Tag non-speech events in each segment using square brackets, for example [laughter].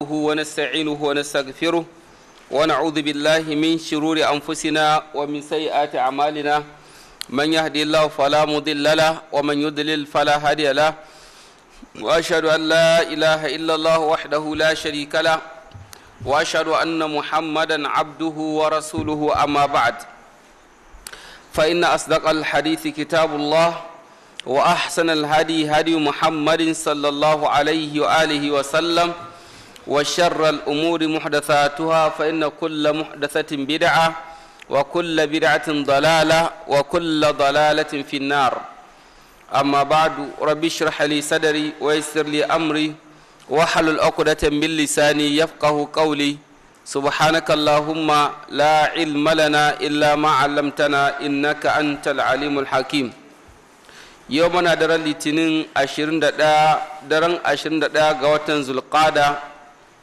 ونستعينه ونستغفره ونعوذ بالله من شرور أنفسنا ومن سيئات أعمالنا من يهدي الله فلا مضل له ومن يضلل فلا هادي له وأشهد أن لا إله إلا الله وحده لا شريك له وأشهد أن محمدا عبده ورسوله أما بعد فإن أصدق الحديث كتاب الله وأحسن الهدي هدي محمد صلى الله عليه وآله وسلم وشر الأمور محدثاتها فإن كل محدثة بدعة وكل بدعة ضلالة وكل ضلالة في النار أما بعد ربي اشرح لي صدري ويسر لي أمري واحلل عقدة من لساني يفقه قولي سبحانك اللهم لا علم لنا إلا ما علمتنا إنك أنت العليم الحكيم يومنا درى لتنين أشرين دقاء درى أشرين دقاء قوة زلقادة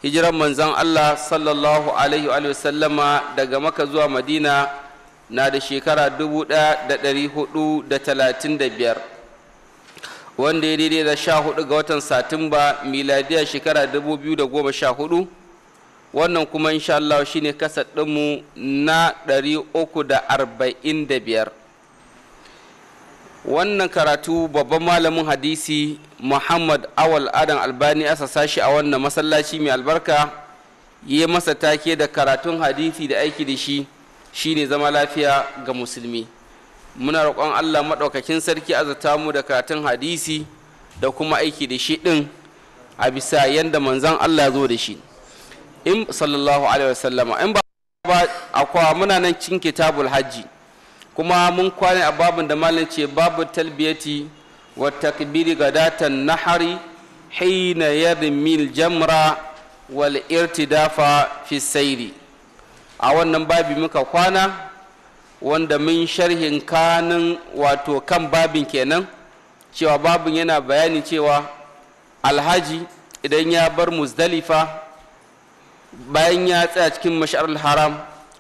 hijiran manzan Allah sallallahu alaihi wa sallama daga maka zuwa madina na da shekara 1435 wanda ya daidai da sha hudu ga watan satumba miladiyar shekara 2014 wannan kuma insha Allah shine kasa ɗinmu na 345 wannan karatu babban malamin hadisi muhammad awal adam albani asa sashi a wannan masallaci mai albarka ya masa take da karatun hadisi da aiki da shi shine zama lafiya ga musulmi muna roƙon allah maɗaukakin sarki azata mu da karatun hadisi da kuma aiki da shi ɗin a bisa yadda manzan allah zo da shi in sallallahu alaihi wasallama in ba akwa muna nan cin kitabul hajji kuma mun kwana a babin da malin ce babu talbiyati wa takbiri ga datan nahari hina mil jamra wal irtidafa fi sairi. a wannan babi muka kwana wanda mun sharhin kanin wato kan babin kenan cewa babin yana bayani cewa alhaji idan ya bar muzdalifa bayan ya tsaya cikin mashar haram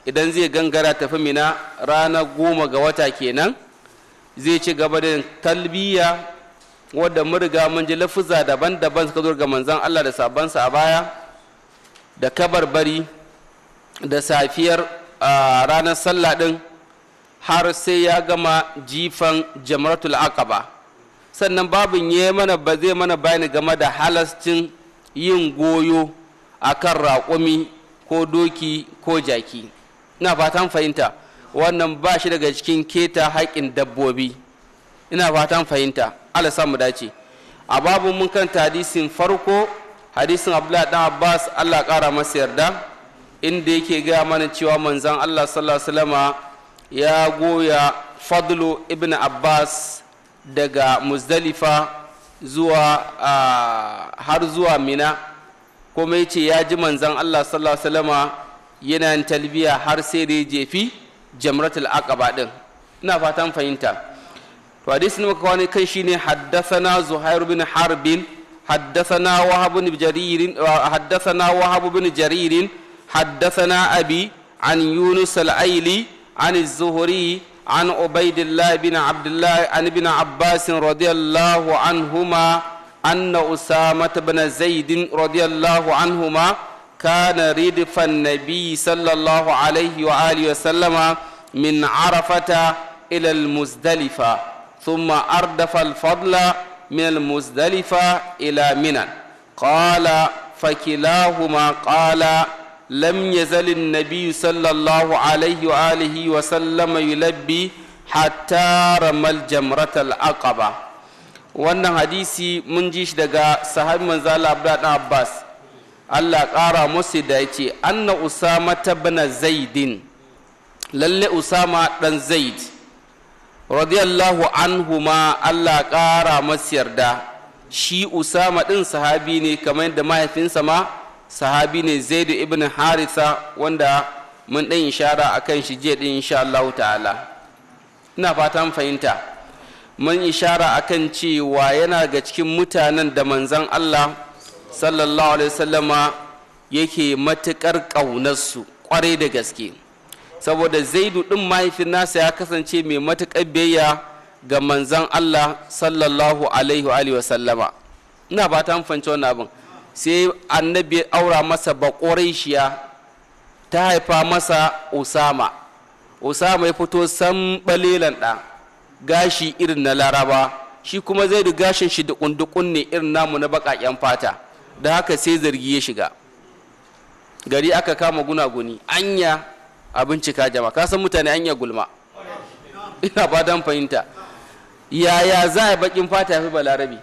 idan zai gangara tafi mina ranar goma ga wata kenan zai ci gaba da talbiya wadda murga mun ji lafuza daban-daban suka zo ga manzan Allah da sabansa a baya da kabarbari da safiyar ranar sallah din har sai ya gama jifan jamratul aqaba sannan babin ya mana ba zai mana bayani game da halascin yin goyo a kan raƙumi ko doki ko jaki ina fatan fahimta wannan ba shi daga cikin keta haƙƙin dabbobi ina fatan fahimta Allah samu dace a babu mun kan hadisin farko hadisin Abdullah dan Abbas Allah ƙara masa yarda inda yake gaya mana cewa manzon Allah sallallahu alaihi ya goya Fadlu ibn Abbas daga Muzdalifa zuwa har zuwa Mina kuma yace ya ji manzon Allah sallallahu alaihi yana yin talbiya har sai da ya jefi jamratul aqaba din ina fatan fahimta to hadisin muka kawo kai shine haddathana zuhair bin harbin haddathana wahab bin jarir haddathana wahab bin jarir haddathana abi an yunus al-aili an az-zuhri an ubaidillah bin abdullah an ibn abbas radiyallahu anhuma anna usama bin zaid radiyallahu anhuma kana ridfan nabi sallallahu alaihi wa alihi wa sallama min arafata ila al-muzdalifa thumma ardafa al-fadla من المزدلفة إلى منى قال فكلاهما قال لم يزل النبي صلى الله عليه وآله وسلم يلبي حتى رمى الجمرة العقبة wannan hadisi mun ji shi daga sahabi manzo Allah Abbas Allah ƙara musu da ce anna usama ta bana zaidin lalle usama ɗan zaid radiyallahu anhu ma Allah ƙara masu yarda shi usama ɗin sahabi ne kamar yadda mahaifinsa ma sahabi ne zaidu ibn harisa wanda mun ɗan ishara a kan shi jiya ɗin insha Allah ta'ala ina fatan fahimta mun ishara kan cewa yana ga cikin mutanen da manzan Allah sallallahu alaihi wasallama yake matuƙar ƙaunarsu ƙwarai da gaske saboda zaidu ɗin mahaifin nasa ya kasance mai matukar biyayya ga manzan Allah sallallahu alaihi wa sallama ina ba ta fahimci wannan abin sai annabi aura masa baƙorishiya ta haifa masa usama usama ya fito san balelan ɗa gashi irin na laraba shi kuma zai gashin shi dukun ne irin namu na baƙaƙen fata da haka sai zargi ya shiga gari aka kama gunaguni anya a bincika jama'a ka san mutane anya gulma ina ba dan fahimta yaya za a bakin fata ya fi balarabi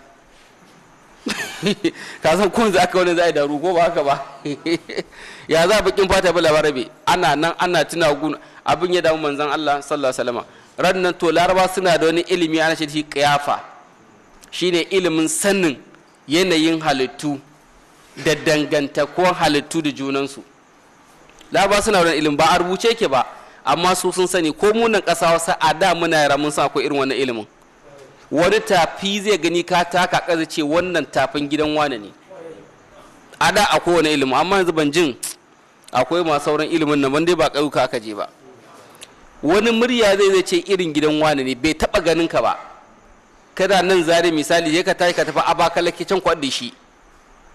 [laughs] ka san kun za ka wani za a yi daru ko ba haka ba [laughs] ya za a bakin fata ya fi balarabi ana nan ana tuna gun abin ya damu manzan Allah sallallahu alaihi wasallam ran nan to laraba suna da wani ilimi ana shi kiyafa shine ilimin sanin yanayin halittu da dangantakon halittu da junansu labar suna wani ilimin ba a rubuce ke ba amma su sun sani ko munan ƙasa wasa a da muna yara mun san akwai irin wannan ilimin wani tafi zai gani ka taka ƙasa ce wannan tafin gidan wane ne a da akwai wani ilimin amma yanzu ban jin akwai masu sauran ilimin na wanda ba ƙauyuka aka je ba wani murya zai zai ce irin gidan wane ne bai taɓa ganin ka ba kada nan zare misali je ka tafi ka tafi can kwaɗe shi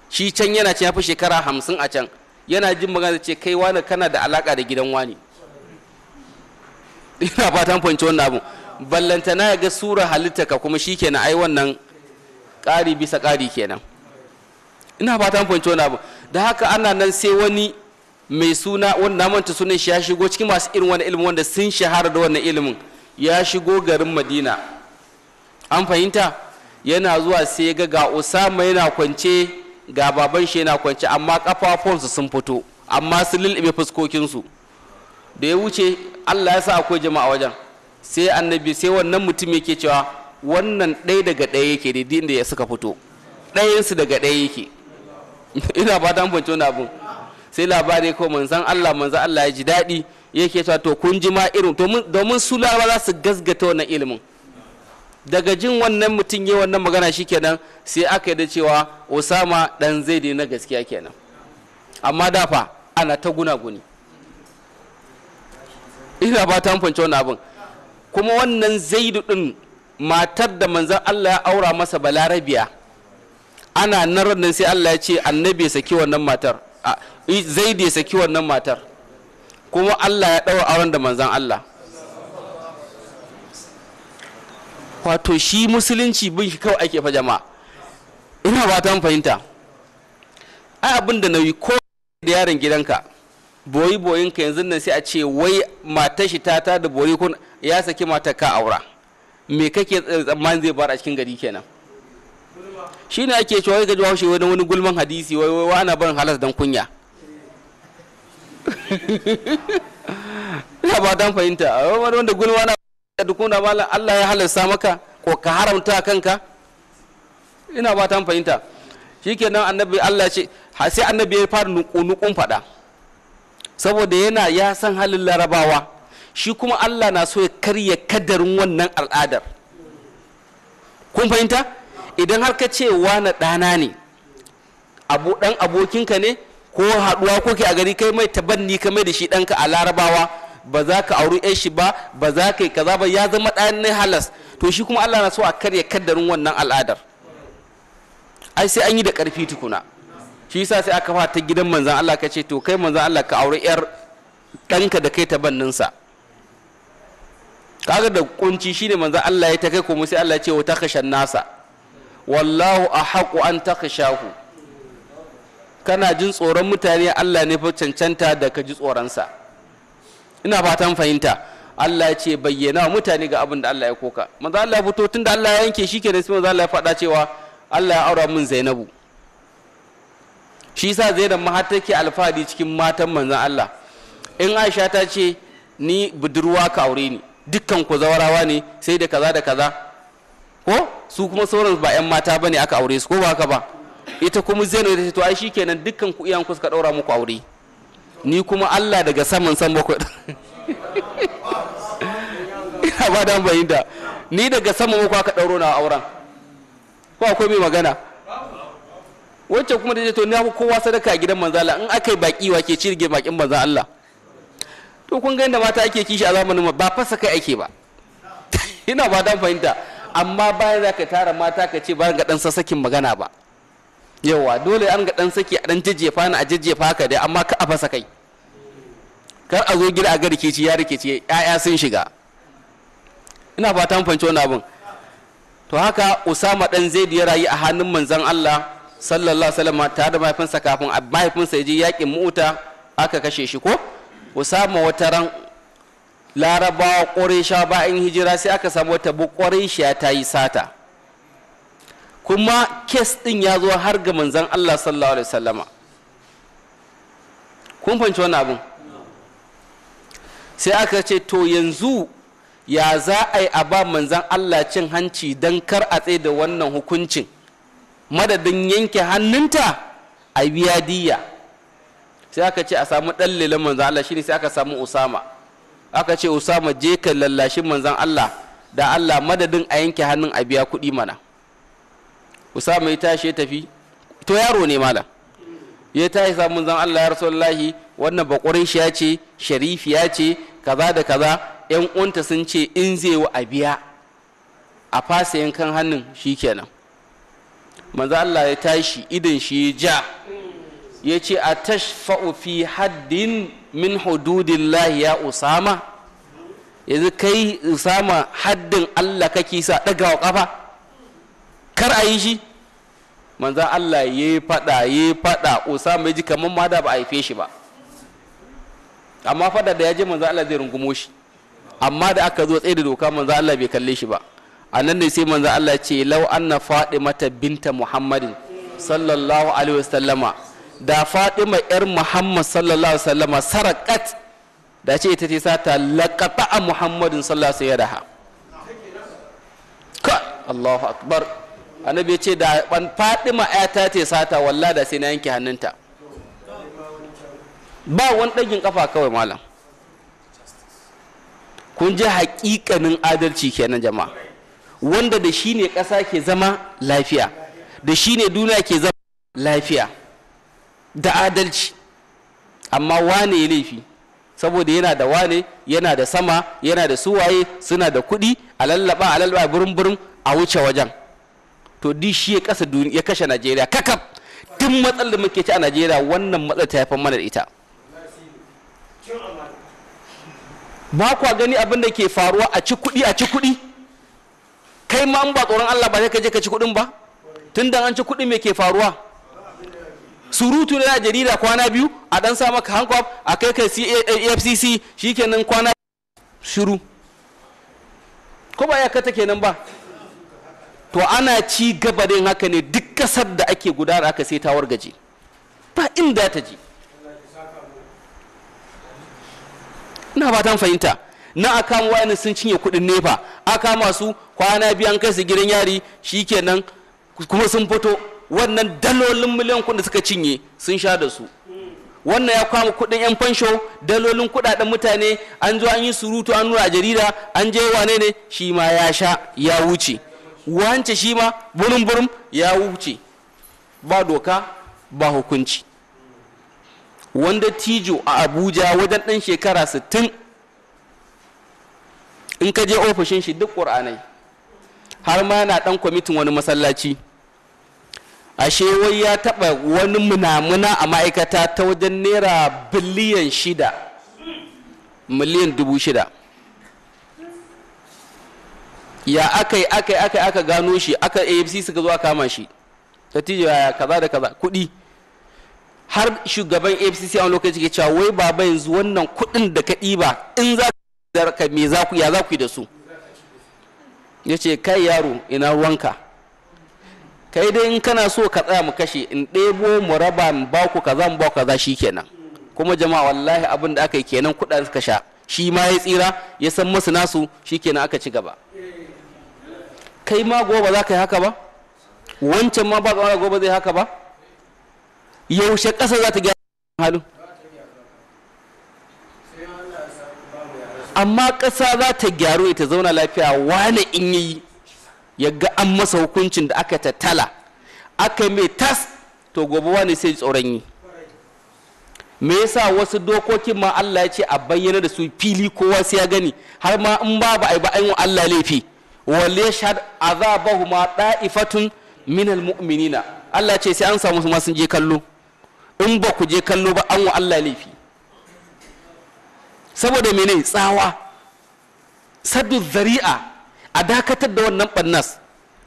shi can yana ce ya fi shekara hamsin a can yana jin magana da ce kai wani kana da alaka da gidan wani [laughs] ina fatan fahimci wannan abu ballantana ya ga sura halitta ka kuma shi kenan ai wannan ƙari bisa ƙari kenan ina fatan fahimci wannan abu da haka ana nan sai wani mai suna wani manta sunan shi ya shigo cikin masu irin wani ilimin wanda sun shahara da wannan ilimin ya shigo garin madina an fahimta yana zuwa sai ga ga usama yana kwance ga baban shi yana kwance amma kafafunsu sun fito amma su lulluɓe fuskokinsu da ya wuce allah ya sa akwai jama'a wajen sai annabi sai wannan mutum yake cewa wannan ɗaya daga ɗaya yake da inda ya suka fito ɗayansu daga ɗaya yake [laughs] ina ba ta fahimci wani abu sai labari ko manzan allah manzan allah ya ji daɗi yake cewa to kun ji ma irin domin su laraba za su gasgata wannan ilimin daga jin wannan mutum yi wannan magana shi kenan sai aka da cewa Usama dan zai na gaskiya kenan amma dafa ana ta gunaguni ina ba ta fahimci wannan abin kuma wannan zaidu din matar da manzan allah ya aura masa balarabiya ana nan rannan sai allah ya ce annabi ya saki wannan matar zaidu ya saki wannan matar kuma allah ya ɗaura auren da manzan allah wato shi musulunci bin shi kawai ake fa jama'a ina ba ta fahimta ai abin da nauyi ko da yaron gidanka boyi boyin ka yanzu nan sai a ce wai matar shi ta ta da boyi kun ya saki matar ka aura me kake tsammanin zai bar a cikin gari kenan shi ne ake cewa ga jawo shi wani wani gulman hadisi wai wai ana barin halas dan kunya [laughs] ina ba dan fahimta wanda gulma na dukuna ba Allah ya halasta maka ko ka haramta kanka ina ba ta fahimta shikenan annabi Allah ce sai annabi ya fara nukun fada saboda yana ya san halin larabawa shi kuma Allah na so ya karya kadarin wannan al'adar kun fahimta idan har ka ce na ɗana ne abu ɗan abokinka ne ko haɗuwa ko ke a gari kai mai tabanni ka mai da shi ɗanka a larabawa ba za ka auri yan shi ba ba za ka yi kaza ba ya zama ɗayan na halas to shi kuma Allah na so a karya kaddarin wannan al'adar ai sai an yi da ƙarfi tukuna shi yasa sai aka fata gidan manzan Allah ka ce to kai manzan Allah ka auri yar ɗanka da kai ta banninsa kaga da kunci shine manzan Allah ya ta kai kuma sai Allah ya ce wa takashan nasa wallahu ahaqu an takashahu kana jin tsoron mutane Allah ne fa cancanta da ka ji tsoron sa. ina fatan fahimta Allah ya ce bayyana mutane ga abin da Allah ya koka manzo Allah ya fito da Allah ya yanke shi kenan sai manzo Allah ya faɗa cewa Allah ya aura min Zainabu shi yasa Zainab ma har take alfahari cikin matan manzo Allah in Aisha ta ce ni budurwa ka aure ni dukkan ku zawarawa ne sai da kaza da kaza ko su kuma sauran ba yan mata bane aka aure su ko ba haka ba ita kuma Zainab ta ce to ai shikenan dukkan ku iyan ku suka daura muku aure ni kuma Allah daga saman san bakwai ina ba da bayyana ni daga saman bakwai aka dauro na auren ko akwai mai magana wacce kuma da to na kowa sadaka a gidan manzo Allah in aka yi baki wa ke cirge bakin manzo Allah to kun ga inda mata ake kishi a zamanin ba fasa kai ake ba [laughs] ina ba dan fahimta amma bayan za ka tara mata ka ce ba ga dan sasakin magana ba yawa dole an ga dan saki a dan jajjefa ni a jajjefa ka dai amma ka a fasa kai kar a zo gida a ga rikici ya rikici ya'ya sun shiga ina fatan fanci wani abun to haka usama dan zaid ya rayu a hannun manzon Allah sallallahu alaihi wasallam tare da mahaifinsa kafin mahaifinsa ya je yakin mu'uta aka kashe shi ko usama wata ran larabawa ƙorisha bayan hijira sai aka samu wata bu ƙorisha ta yi sata kuma kes ɗin ya zo har ga manzan Allah sallallahu alaihi wasallama kun fahimci wannan abin sai aka ce to yanzu ya za a yi a ba manzan Allah cin hanci don kar a tsaye da wannan hukuncin madadin yanke hannunta a biya diya sai aka ce a samu ɗan manzan Allah shine sai aka samu Usama aka ce Usama je ka lallashi manzan Allah da Allah madadin a yanke hannun a biya kuɗi mana usama ya tashi ya tafi to yaro ne mala ya tashi samun zan Allah ya rasulullahi wannan bakwarin shi ya ce sharifi ya ce kaza da kaza yan unta sun ce in zai wa a biya a fasa yankan hannun shi shikenan manzo Allah ya tashi idan shi ja ya ce a tashfa'u fi haddin min hududillahi ya usama yanzu kai usama haddin Allah kake sa wa ƙafa kar a yi shi manzan Allah ya faɗa ya faɗa usama ya ji kamar ma da ba a haife shi ba amma faɗa da ya je manzan Allah zai rungumo shi amma da aka zo tsaye da doka manzan Allah bai kalle shi ba a nan ne sai manzan Allah ce lau anna mata binta muhammadin sallallahu alaihi wasallama da fatima yar muhammad sallallahu alaihi wasallama sarakat da ce ita ce sata laƙaɓa a muhammadin sallallahu alaihi wasallama Allahu akbar annabi ya ce da ban fadima ta ce sata walla da sai na yanke hannunta ba wani ɗagin kafa kawai malam kun ji haƙiƙanin adalci kenan jama'a wanda da shi ne ƙasa ke zama lafiya da shi ne duniya ke zama lafiya da adalci amma wane ya laifi saboda yana da wane yana da sama yana da suwaye suna da kuɗi a lallaba a lallaba burin burin a wuce wajen to di shi ya kasa ya kashe najeriya kakaf duk matsalar da muke ci a najeriya wannan matsalar ta haifar mana da ita ba kwa gani abin da ke faruwa a ci kuɗi a ci kuɗi kai ma ba tsoron allah ba sai ka je ka ci kuɗin ba tun da an ci kuɗi me ke faruwa surutu na jarida kwana biyu a dan sa maka hankwab a kai ka afcc shikenan kwana shiru ko ba ya kata kenan ba to ana ci gaba da yin haka ne duk kasar da ake gudana aka sai ta wargaje ba inda ta ji ina fatan fahimta na a kama wani sun cinye kuɗin nefa a kama su kwana biyan kai su gidan yari shi shikenan kuma sun fito wannan dalolin miliyan kudin da suka cinye sun sha da su wannan ya kama kuɗin yan fansho dalolin kuɗaɗen mutane an zo an yi surutu an nuna a jarida an je wane ne shi ma ya sha ya wuce wance shi ma burin burin ya wuce ba doka ba hukunci wanda tijo a abuja wajen ɗan shekara 60 in ka je ofishin shi duk ƙur'anai har ma na ɗan kwamitin wani masallaci ashe wai ya taɓa wani munamuna a ma'aikata ta wajen naira biliyan shida miliyan dubu shida ya aka yi aka yi aka aka gano shi aka afc suka zo kama shi dattijo ya kaza da kaza kuɗi har shugaban afcc a wani lokaci ke cewa wai baba yanzu wannan kuɗin da ka ɗiba in za ka me za ku ya za ku yi da su ya ce kai yaro ina ruwanka kai dai in kana so ka tsaya mu kashe in ɗebo mu raba mu ba ku kaza mu ba ku kaza kenan kuma jama'a wallahi abin da aka yi kenan kuɗa suka sha shi ma ya tsira ya san masu nasu shi kenan aka ci gaba kai ma gobe za ka yi haka ba wancan ma ba tsammanin gobe zai haka ba yaushe ƙasa za ta gyara halin amma ƙasa za ta gyaru ta zauna lafiya wane in yi ya ga an masa hukuncin da aka tattala aka yi mai tas to gobe wane sai tsoron yi me yasa wasu dokokin ma Allah ya ce a bayyana da su fili kowa sai ya gani har ma in ba ba ai ba ai Allah laifi shad azabahu ma da'ifatun min almu'minina Allah ce sai an samu su ma sun je kallo in ba ku je kallo ba an wa Allah laifi saboda mene tsawa saddu zari'a a dakatar da wannan bannas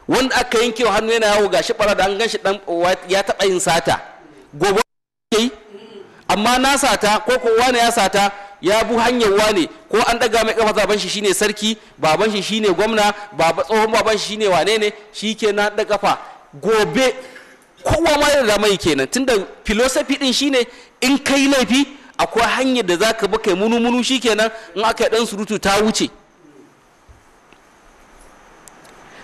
wanda aka yanke wa hannu yana yawo gashi bara da an ganshi dan ya taba yin sata gobe amma na sata ko kowa ne ya sata ya bu hanyar wane ko an daga mai kafa zaben shi shine sarki baban shi shine gwamna baba tsohon baban shi shine wane ne shikenan da kafa gobe kowa ma da mai kenan tunda philosophy din shine in kai laifi akwai hanyar da zaka bi kai munu munu shikenan in aka dan surutu ta wuce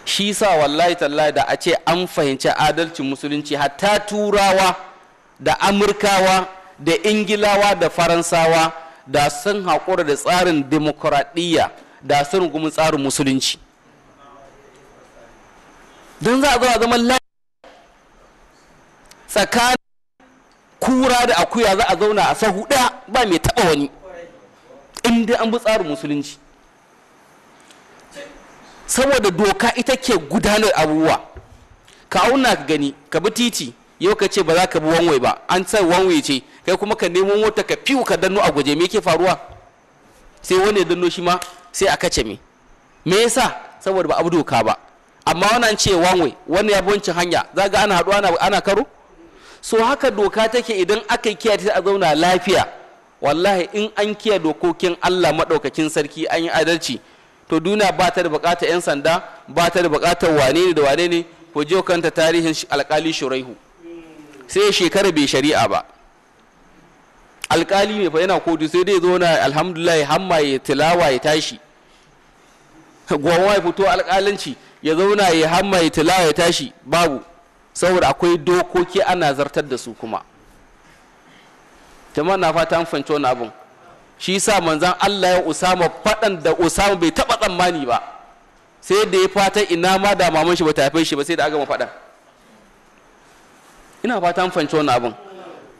shi sa wallahi tallahi da a ce an fahimci adalcin musulunci hatta turawa da amurkawa da ingilawa da faransawa da sun haƙura da tsarin demokuraɗiyya da sun rungumi tsarin musulunci don za a zama a zaman lafiya tsakanin kura da akuya za a zauna a sahu ɗaya ba mai taɓa wani inda an bi tsarin musulunci saboda doka ita ke gudanar abubuwa ka auna ka gani ka bi titi yau ka ce ba za ka bi wanwai ba an sai wanwai ce kai kuma ka nemo mota ka fiu ka danno a guje me yake faruwa sai wani danno shi ma sai a kace me me yasa saboda ba abu doka ba amma wannan ce wanwe wani ya boncin hanya za ana haɗu ana, ana karo so haka doka take idan aka kiyaye ta a zauna lafiya wallahi in an kiyaye dokokin Allah madaukakin sarki an yi adalci to duniya ba ta da bukatar 'yan sanda ba ta da bukatar wane ne da wane ne ko je kanta tarihin alkalin shuraihu sai shekara bai shari'a ba alkali ne fa yana kotu sai dai zo na alhamdulillah hamma ya tilawa ya tashi gwamma ya fito alkalanci ya zauna ya hamma ya tilawa ya tashi babu saboda akwai dokoki ana zartar da su kuma jama'a na fata an fahimci wani abin shi sa manzan Allah ya Usama faɗan da Usama bai taɓa tsammani ba sai da ya fata ina ma da maman shi ba ta haife shi ba sai da aga ma faɗan ina fata an fahimci wani abin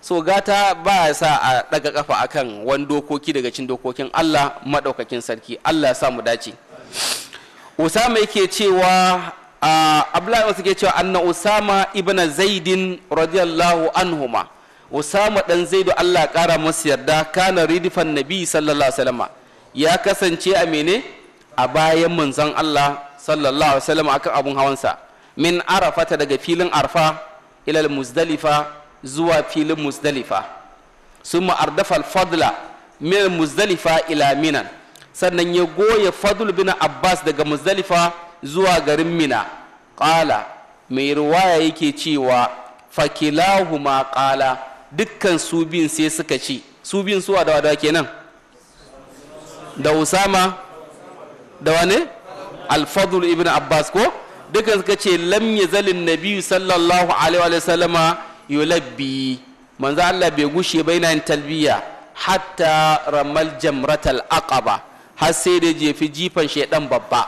so gata ba ya sa a ɗaga kafa akan wani dokoki daga cikin dokokin Allah maɗaukakin sarki Allah ya sa mu dace Usama yake cewa Abdullahi wasu ke cewa anna Usama ibn Zaidin radiyallahu anhuma Usama dan Zaidu Allah ƙara masa yarda kana ridifan Nabi sallallahu alaihi wasallam ya kasance a mene a bayan manzon Allah sallallahu alaihi wasallam akan abun hawansa min arafata daga filin arfa ilal muzdalifa zuwa filin muzdalifa sun ma'ardafa fadla min muzdalifa ila minan sannan ya goya fadl bin abbas daga muzdalifa zuwa garin mina ƙala mai ruwaya yake cewa fakilahuma ƙala dukkan su biyun sai suka ci su biyun su da wada kenan da usama da wane alfadul ibn abbas ko dukkan suka ce lam zalin nabi sallallahu alaihi wa sallama yulabbi manzo Allah bai gushe ba yana yin talbiya hatta ramal jamratal aqaba har sai da jefi jifan shaidan babba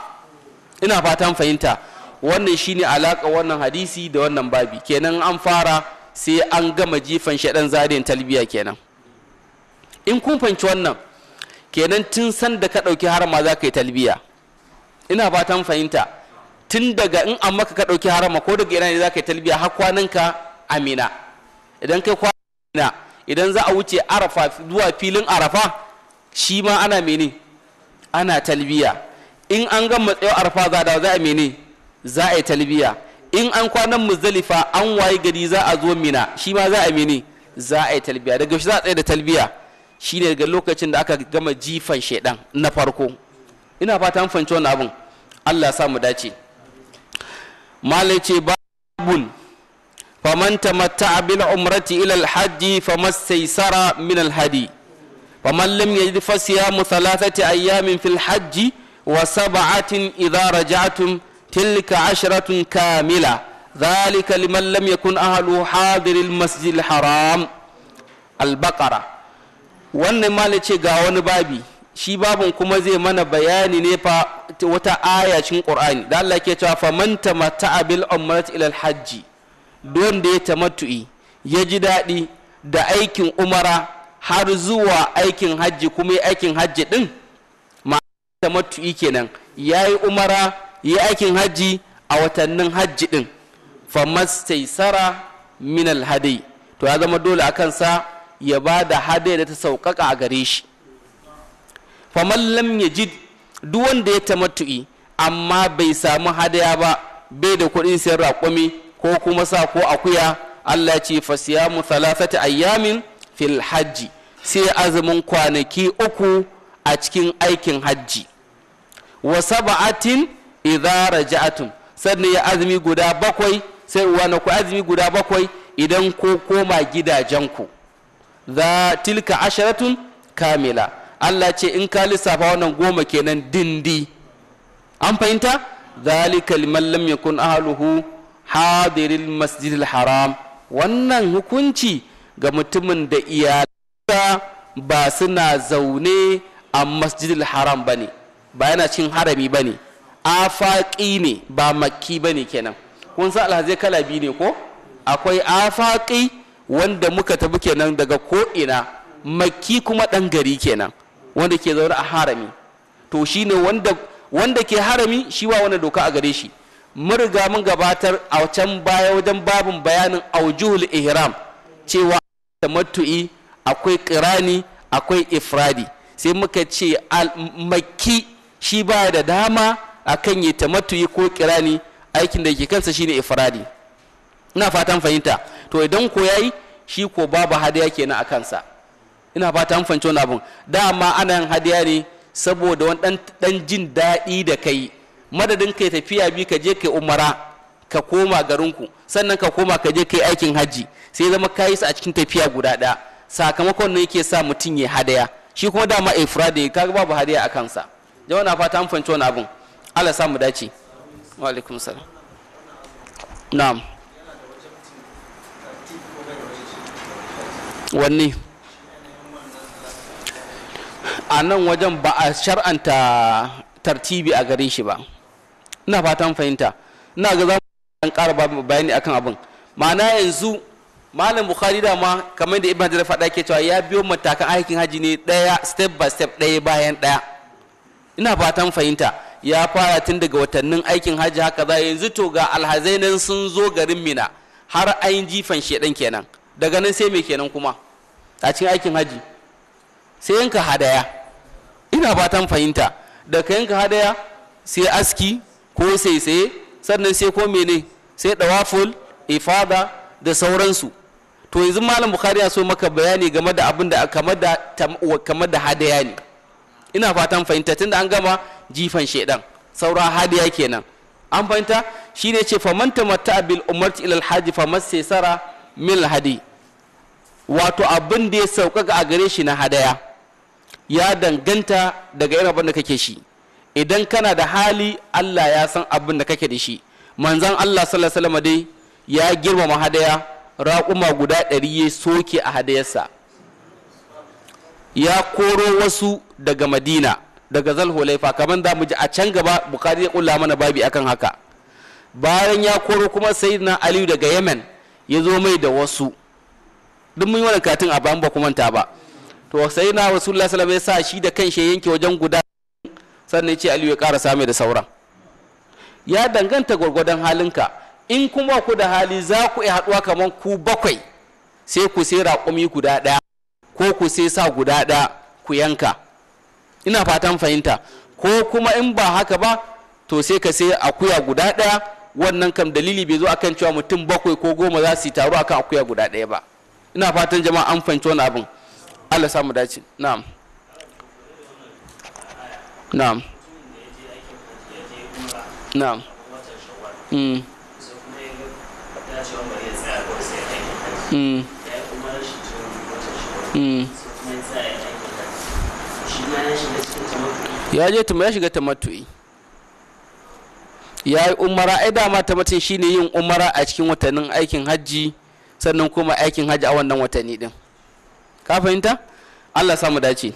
ina fatan fahimta wannan shine alaka wannan hadisi da wannan babi kenan an fara sai an gama jifan shaidan zadin talbiya kenan in kun fahimci wannan kenan tun san da ka ɗauki harama za ka yi talbiya ina fatan fahimta tun daga in amma ka ɗauki harama ko daga ina ne za ka yi talbiya har ka amina idan kai kwana amina idan za a wuce arafa zuwa filin arafa shi ma ana mene ana talbiya in an gan matsayin arafa za za a mene za a yi talbiya in an kwanan muzdalifa an waye gari za a zo mina shi ma za a mene za a yi talbiya daga shi za a tsaye da talbiya shi ne daga lokacin da aka gama jifan shaidan na farko ina fata fahimci wannan abin allah ya sa mu dace malai ce babun faman tamatta'a bil umrati ilal hajji famastaysara min al hadi faman lam yajid fa siyamu thalathati ayamin fil hajji wa sab'atin idha raja'tum tilka asharatun kamila dhalika liman lam yakun ahlu hadir al haram al baqara wannan ma ce ga wani babi shi babin kuma zai mana bayani ne fa wata aya cikin qur'ani da Allah ke cewa faman tamatta'a bil umrati ilal hajji da ya tamattu'i ya ji daɗi da aikin umara har zuwa aikin hajji kuma ya aikin hajji ɗin ma tamattu'i kenan ya yi umara ya aikin hajji a watannin hajji ɗin famastaisara minal hadai? to ya zama dole a kansa ya ba da hadai da ta sauƙaƙa a gare shi famal lam ya duk wanda ya tamattu'i amma bai samu hadaya ba bai da kuɗin sayar raƙumi ko kuma sa ko akuya Allah ce fasiyamu thalathati ayyamin fil hajji sai azumin kwanaki uku a cikin aikin hajji wa sab'atin idza raja'atum sannan ya azumi guda bakwai sai wani ku azumi guda bakwai idan ko koma gidajenku za tilka asharatun kamila Allah ce in ka lissafa wannan goma kenan dindi an fahimta zalika liman lam yakun ahluhu Hadirin masjidil haram wannan hukunci ga mutumin da iyalansa ba suna zaune a masjidil haram ba ne ba yana cin harami ba ne afaƙi ne ba makki ba ne kenan kun san alhazai kala biyu ne ko akwai afaƙi wanda muka tafi kenan daga ko'ina makki kuma ɗan gari kenan wanda ke zaune a harami to shi wanda wanda ke harami shi ba wani doka a gare shi mun riga mun gabatar a can baya wajen babin bayanin aujuhul ihram cewa matu'i akwai kirani akwai ifradi sai muka ce makki shi baya da dama akan yi matu'i ko kirani aikin da ke kansa shine ifradi ina fatan fahimta to idan ko yayi shi ko babu hadiya kenan a kansa ina fatan fahimci wani abun dama ana yin hadiya ne saboda wani dan jin daɗi da kai madadin kai tafiya bi ka je kai umara ka koma garinku sannan ka koma ka je kai aikin hajji sai zama ka yi su a cikin tafiya guda ɗaya sakamakon nan yake sa mutum ya hadaya shi kuma dama ka ga babu hadaya a kansa jama'a na fata an fahimci wani abun Allah samu dace wa alaikum salam na'am wanne a nan wajen ba a shar'anta tartibi a gare shi ba ina fatan fahimta ina ga za mu ƙara bayani akan abin ma'ana yanzu malam bukhari da ma kamar da ibn hajar faɗa ke cewa ya biyo matakan aikin haji ne ɗaya step by step ɗaya bayan ɗaya ina fatan fahimta ya fara tun daga watannin aikin haji haka za yanzu to ga alhazainan sun zo garin mina har ayin jifan shedan kenan daga nan sai mai kenan kuma a cikin aikin haji sai yanka hadaya ina fatan fahimta daga yanka hadaya sai aski ko saisaye sannan sai ko mene sai dawaful ifada da sauransu to yanzu malam bukhari ya so maka bayani game da abin da kamar da kamar hadaya ne ina fatan fahimta tunda an gama jifan shedan saura hadiya kenan an fahimta shine ce faman tamatta bil umrati ila al fa famassara min hadi wato abin da ya sauƙaƙa a gare shi na hadaya ya danganta daga irin abin da kake shi idan kana da hali Allah ya san abin da kake da shi manzan Allah sallallahu alaihi dai ya girmama hadaya raƙuma guda ɗari ya soke a hadayarsa ya koro wasu daga madina daga zalhulaifa kamar za mu ji a can gaba bukari ya ƙulla mana babi akan haka bayan ya koro kuma sayyidina aliyu daga yemen ya zo mai da wasu duk mun yi wani katin a ba kuma ta ba to sayyidina rasulullah sallallahu ya sa shi da kan shi yanke wajen guda sannan ce aliyu ya ƙara mai da sauran ya danganta gwargwadon halinka in kuma ku da hali za ku iya haɗuwa kamar ku bakwai sai ku sai raƙumi guda ɗaya ko ku sai sa guda ɗaya ku yanka ina fatan fahimta ko kuma in ba haka ba to sai ka sai akuya guda ɗaya wannan kam dalili bai zo akan cewa mutum bakwai ko goma za su yi taro akan akuya guda ɗaya ba ina fatan jama'a an fahimci wani abin allah samu dace na'am na'am na'am mm mm mm ya je tuma ya shiga ta tamattu'i ya yi umara ai dama ta tamattu'i shine yin umara a cikin watannin aikin hajji sannan kuma aikin hajji a wannan watanni din ka fahimta Allah samu dace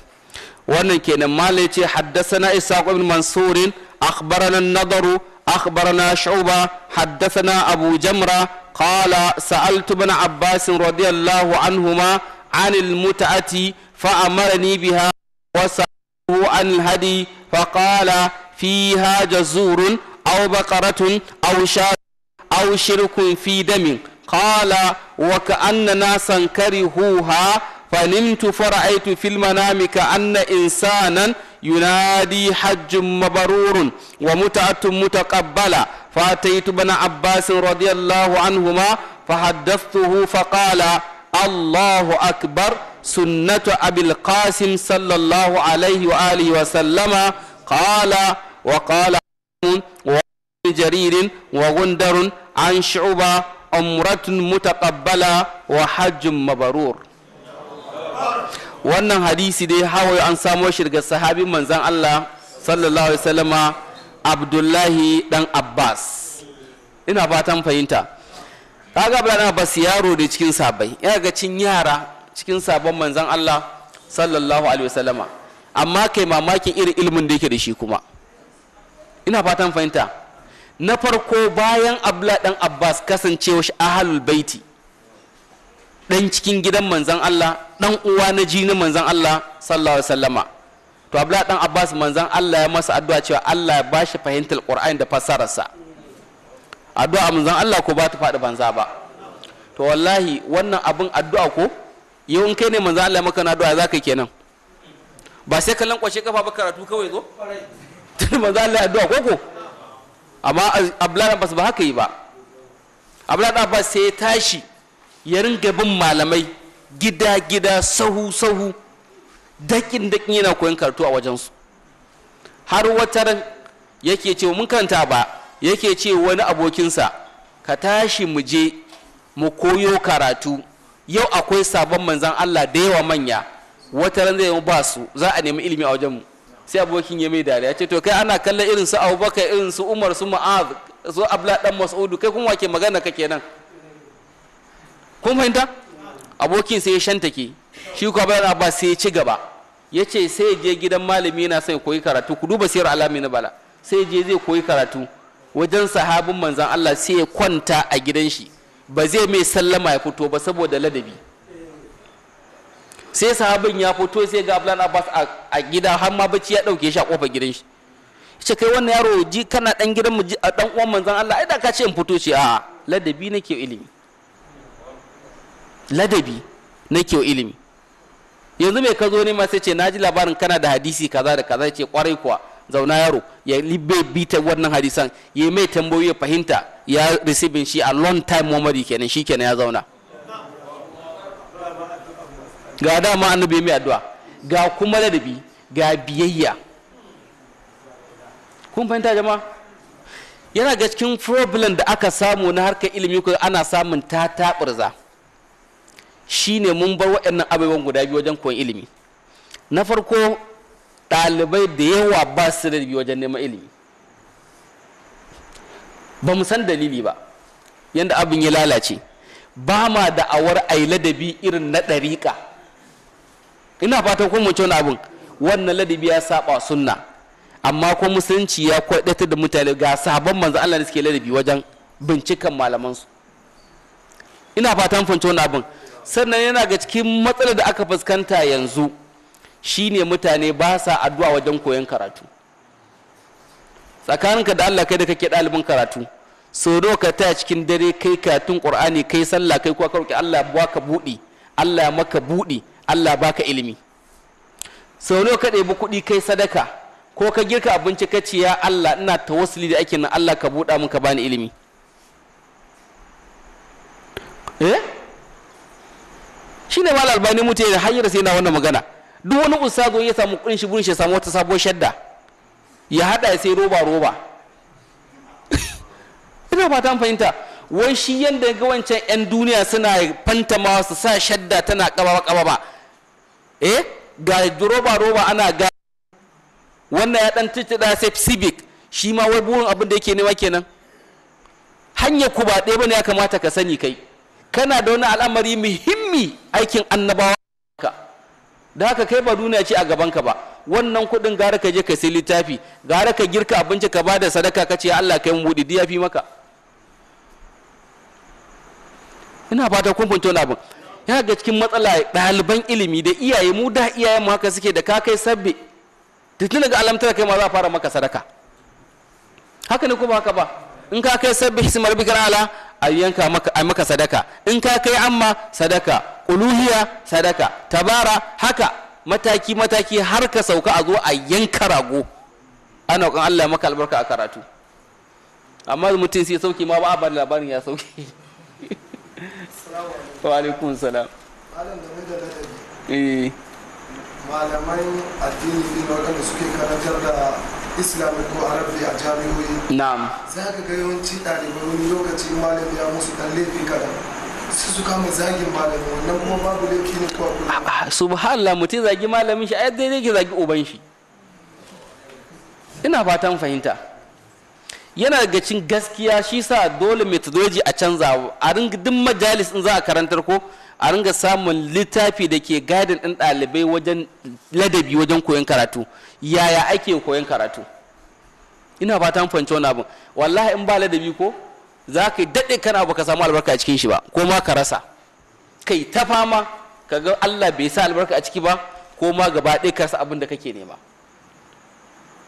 wannan kenan malai ce haddasana isaq ibn mansurin akhbarana nadaru akhbarana shuba haddasana abu jamra qala sa'altu ibn abbas radiyallahu anhuma anil mut'ati fa amarani biha wa sa'aluhu an hadi fa qala fiha jazurun aw baqaratun aw shar aw shirkun fi damin qala wa ka'anna nasan karihuha فنمت فرأيت في المنام كأن إنسانا ينادي حج مبرور ومتعة متقبلة فأتيت ابن عباس رضي الله عنهما فحدثته فقال الله أكبر سنة أبي القاسم صلى الله عليه وآله وسلم قال وقال جرير وغندر عن شعبة عمرة متقبلة وحج مبرور wannan hadisi dai hawaye an samo shi daga sahabin manzan Allah sallallahu alaihi wasallama Abdullahi dan Abbas ina fatan fahimta kaga Abdullahi dan Abbas yaro da cikin sabai ya ga cin yara cikin sabon manzan Allah sallallahu alaihi wasallama amma kai mamakin irin ilimin da yake da shi kuma ina fatan fahimta na farko bayan Abdullahi dan Abbas kasancewa shi ahalul baiti ɗan cikin gidan manzan Allah ɗan uwa na jini manzan Allah sallallahu alaihi wasallama to abla ɗan Abbas manzan Allah ya masa addu'a cewa Allah ya bashi fahimtar Qur'ani da fassararsa addu'a manzan Allah ko ba ta faɗi banza ba to wallahi wannan abin addu'a ko yau in kai ne manzan Allah maka na addu'a zaka kenan ba sai kallon kwashe kafa ba karatu kawai zo manzan Allah ya addu'a koko amma Abdullahi Abbas ba haka yi ba Abdullahi Abbas sai ya tashi ya ringa bin malamai gida gida sahu sahu dakin dakin yana koyon karatu a wajensu har wata yake ce mun kanta ba yake ce wani abokinsa ka tashi mu je mu koyo karatu yau akwai sabon manzan Allah da yawa manya wata ran zai ba su za a nemi ilimi a wajenmu sai abokin ya mai dariya ce to kai ana kallon irin su Abubakar irin su Umar su Mu'adh su Abdullah dan Mas'udu kai kuma wake magana kake nan kun fahimta abokin sai ya shantake shi kuwa bayan abbas sai ya ci gaba ya ce sai je gidan malami yana son koyi karatu ku duba siyar alami na bala sai je zai koyi karatu wajen sahabin manzan allah sai ya kwanta a gidan shi ba zai mai sallama ya fito ba saboda ladabi sai sahabin ya fito sai ga ablan abbas a gida har ma bacci ya dauke shi a kofar gidan shi ce kai wannan yaro ji kana dan gidan mu dan uwan manzan allah ai da ka ce in fito ce a ladabi nake ilimi ladabi na kyau ilimi yanzu mai ka zo ne ma sai ce na ji labarin kana da hadisi kaza da kaza ce kwarai kuwa zauna yaro ya libe bita wannan hadisan ya mai tambayoyi ya fahimta ya risibin shi a long time memory kenan shi kenan ya zauna ga dama annabi mai addu'a ga kuma ladabi ga biyayya kun fahimta jama'a yana ga cikin problem da aka samu na harkar ilimi ko ana samun ta taɓurza Shi ne mun bar waɗannan abubuwan guda biyu wajen koyon ilimi na farko ɗalibai da yawa ba su da wajen neman ilimi ba mu san dalili ba yadda abin ya lalace ba ma da'awar ai ladabi irin na ɗariƙa ina fatan kuma mace wani abin wannan ladabi ya saba sunna amma kuma musulunci ya kwaɗata da mutane ga sabon manzo Allah da suke ladabi wajen bincikan malamansu ina fatan fahimci wani abin sannan yana ga cikin matsalar da aka fuskanta yanzu shine mutane ba sa addu'a wajen koyon karatu tsakaninka da Allah kai da kake ɗalibin karatu so do ka taya cikin dare kai katun qur'ani kai sallah kai kuwa karki Allah baka buɗi Allah maka buɗi Allah baka ilimi sau nawa ka ɗebi kuɗi kai sadaka ko ka girka abinci ka ce ya Allah ina tawassuli da ake na Allah ka buɗa min ka bani ilimi eh shine mal albani mutai da hanyar sai na wannan magana duk wani ustazo ya samu kudin shi gurin shi samu wata sabuwar shadda ya hada ya sai roba roba [coughs] ina ba ta fahimta wai shi yadda ga wancan 'yan duniya suna fantama su sa shadda tana kababa kababa eh ga roba roba ana ga wannan ya dan tutuda sai civic shi ma wai burin abin da yake nema kenan hanyar ku ba ɗaya bane ya kamata ka sani kai kana da wani al'amari muhimmi aikin annabawa da haka kai ba duniya ce a ka ba wannan kuɗin gara ka je ka sai littafi gara ka girka abinci ka bada sadaka ka ce Allah kai mu buɗi ya fi maka ina ba ta fahimta wani abin ya ga cikin matsala ɗaliban ilimi da iyaye mu da iyayen mu haka suke da ka kai sabbi tun daga alamtar kai ma za a fara maka sadaka haka ne ko ba haka ba in ka kai sabbi hisimar bikir ala a yanka maka a maka sadaka in ka kai amma sadaka uluhiya sadaka tabara haka mataki mataki har ka sauka a zo a yanka rago ana kan Allah maka albarka a karatu amma mutum sai sauki ma ba a ba labarin ya sauki [laughs] wa alaikum salam eh malamai addini ne waɗanda suke karantar da islami ko arabi a jami'o'i na'am za ka ga yawanci ɗalibai wani lokaci malami ya musu ɗan laifi kaɗan su su kama zagin malami wannan kuma babu laifi ne ko a ah, ah, subhanallah mutum zagi malamin shi a yadda yake zagi uban shi ina fatan fahimta yana daga cin gaskiya shi sa dole methodology a canza a ringa duk majalis in za a karantar ko a ringa samun littafi da ke gadin ɗin ɗalibai wajen ladabi wajen koyon karatu yaya ake koyon karatu ina ba an fahimci wani abu wallahi in ba ladabi ko za ka yi daɗe kana ka samu albarka a cikin shi ba ko ma ka rasa kai ta fama ka ga Allah bai sa albarka a ciki ba ko ma gaba ɗaya ka rasa abin da kake nema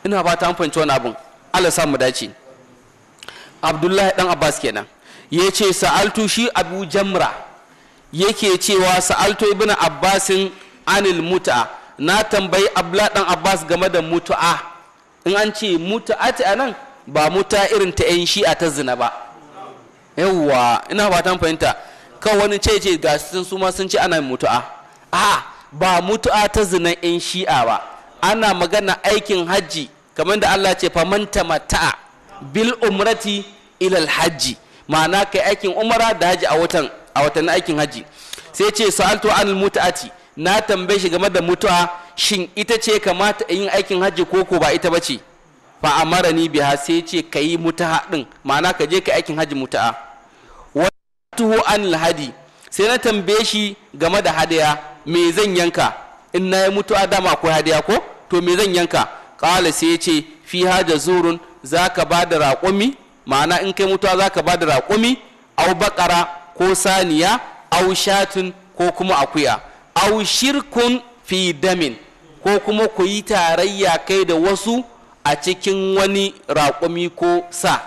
ina ba an fahimci wani abu. Allah sa mu dace Abdullahi dan Abbas kenan ya ce sa'altu shi Abu Jamra yake cewa sa'alto ibn abbasin anil muta na tambayi abla dan abbas game da mutu'a in an ce mutu'ati a nan ba muta irin ta yan shi'a ta zina ba yawwa ina fatan fahimta kan wani ce ce ga sun su ma sun ce ana mutu'a a ba mutu'a ta zina yan shi'a ba ana magana aikin hajji kamar da Allah ce faman tamatta bil umrati ilal hajji ma'ana kai aikin umara da hajji a watan a watannin aikin hajji sai ce sa'altu an mut'ati na tambaye shi game da mutuwa shin ita ce kamata yin aikin hajji ko ko ba ita bace fa amara ni biha sai ce kayi mutuwa din ma'ana ka je ka aikin haji mutuwa watuhu an hadi sai na tambaye shi game da hadaya me zan yanka in na yi mutuwa dama ko hadaya ko to me zan yanka kala sai ce fi haja zurun zaka ba da raƙumi ma'ana in kai mutuwa zaka ba da raƙumi au baƙara ko saniya au shatun ko kuma akuya au shirkun fi damin ko kuma ku yi tarayya kai da wasu a cikin wani raƙumi ko sa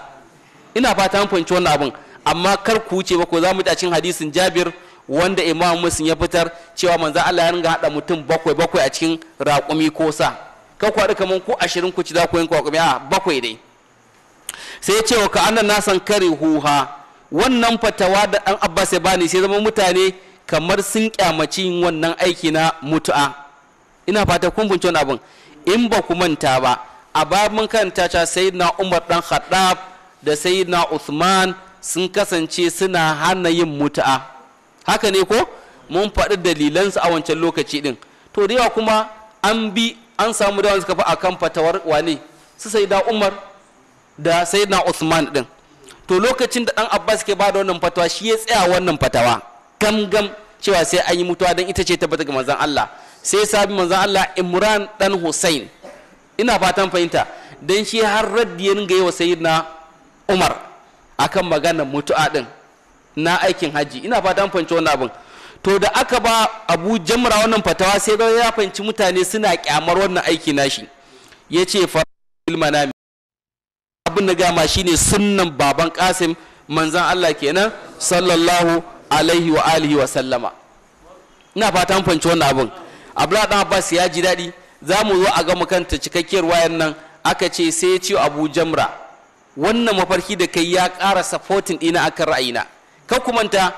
ina fata an fahimci wannan abin amma kar ku wuce ba ko za mu cikin hadisin jabir wanda imam muslim ya fitar cewa manzo Allah ya ringa hada mutum bakwai bakwai a cikin raƙumi ko sa ka haɗu kaman ku ashirin ku ci za ku yanka raƙumi a bakwai dai sai ya ce wa ka annan nasan kare huha wannan fatawa da ɗan abbas ya bani sai zama mutane kamar sun kyamaci wannan aiki na mutu'a ina fata kun bunce wani abin in ba ku manta ba a babin karanta ta sayyidina umar dan khaddab da sayyidina Usman sun kasance suna hana yin mutu'a haka ne ko mun faɗi dalilansu a wancan lokaci din to da yawa kuma an bi an samu da suka fi kan fatawar wane su na umar da sayyidina usman din to lokacin da dan abbas ke bada wannan fatawa shi ya tsaya wannan fatawa gamgam cewa sai an yi mutuwa don ita ce tabbata ga manzan Allah sai sabi manzan Allah Imran dan Hussein ina fatan fahimta dan shi har raddi ya ringa yawa na Umar akan magana mutuwa din na aikin hajji ina fatan fahimci wannan abin to da aka ba Abu Jamra wannan fatawa sai ga ya fahimci mutane suna kyamar wannan aiki nashi ce fa manami abin da gama shine sunnan baban kasim manzan Allah kenan sallallahu alaihi wa alihi wa sallama ina fata an fanci wannan abin abdullahi dan abbas ya ji daɗi za mu zo a ga mu kanta cikakkiyar wayan nan aka ce sai ya ce abu jamra wannan mafarki da kai ya ƙara supporting dina akan ra'ayina ka kumanta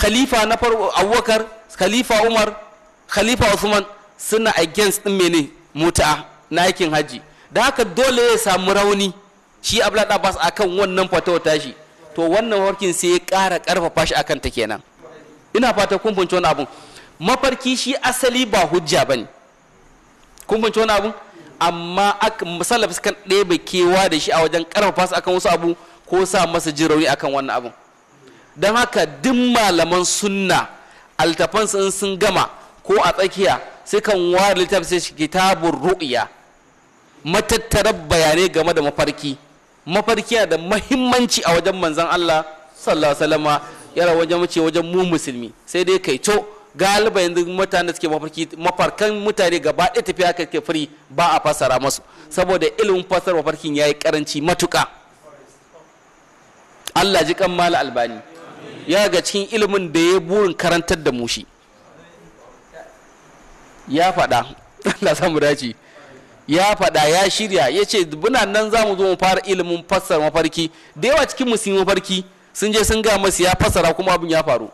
khalifa na farko abubakar khalifa umar khalifa usman suna against din mene muta na aikin hajji da haka dole ya samu rauni shi abdullahi abbas akan wannan fatawa tashi to wannan warkin sai ya kara karfafa shi akan ta kenan ina fata kun fahimci wani abun mafarki shi asali ba hujja bane kun fahimci wani abun amma salaf sukan ɗebe kewa da shi a wajen ƙarfafa su akan wasu abu ko sa masa jin rauni akan wannan abun don haka duk malaman sunna altafan sun sun gama ko a tsakiya sukan ware littafi sai kitabun ru'ya matattarar bayanai game da mafarki mafarki yana da mahimmanci a wajen manzan Allah sallallahu alaihi wasallama wajen mace wajen mu musulmi sai dai kai to galiba yanzu mutane suke mafarki mafarkan mutane gaba ɗaya tafiya ka ke firi ba a fassara musu saboda ilimin fassar mafarkin yayi karanci matuka Allah ji kan mala albani ya ga cikin ilimin da ya burin karantar da mu shi ya faɗa [laughs] Allah samu dace ya faɗa ya shirya ya ce buna nan za mu zo mu fara ilimin fassara mafarki da yawa cikin musu mafarki sun je sun ga masu ya fassara kuma abin ya faru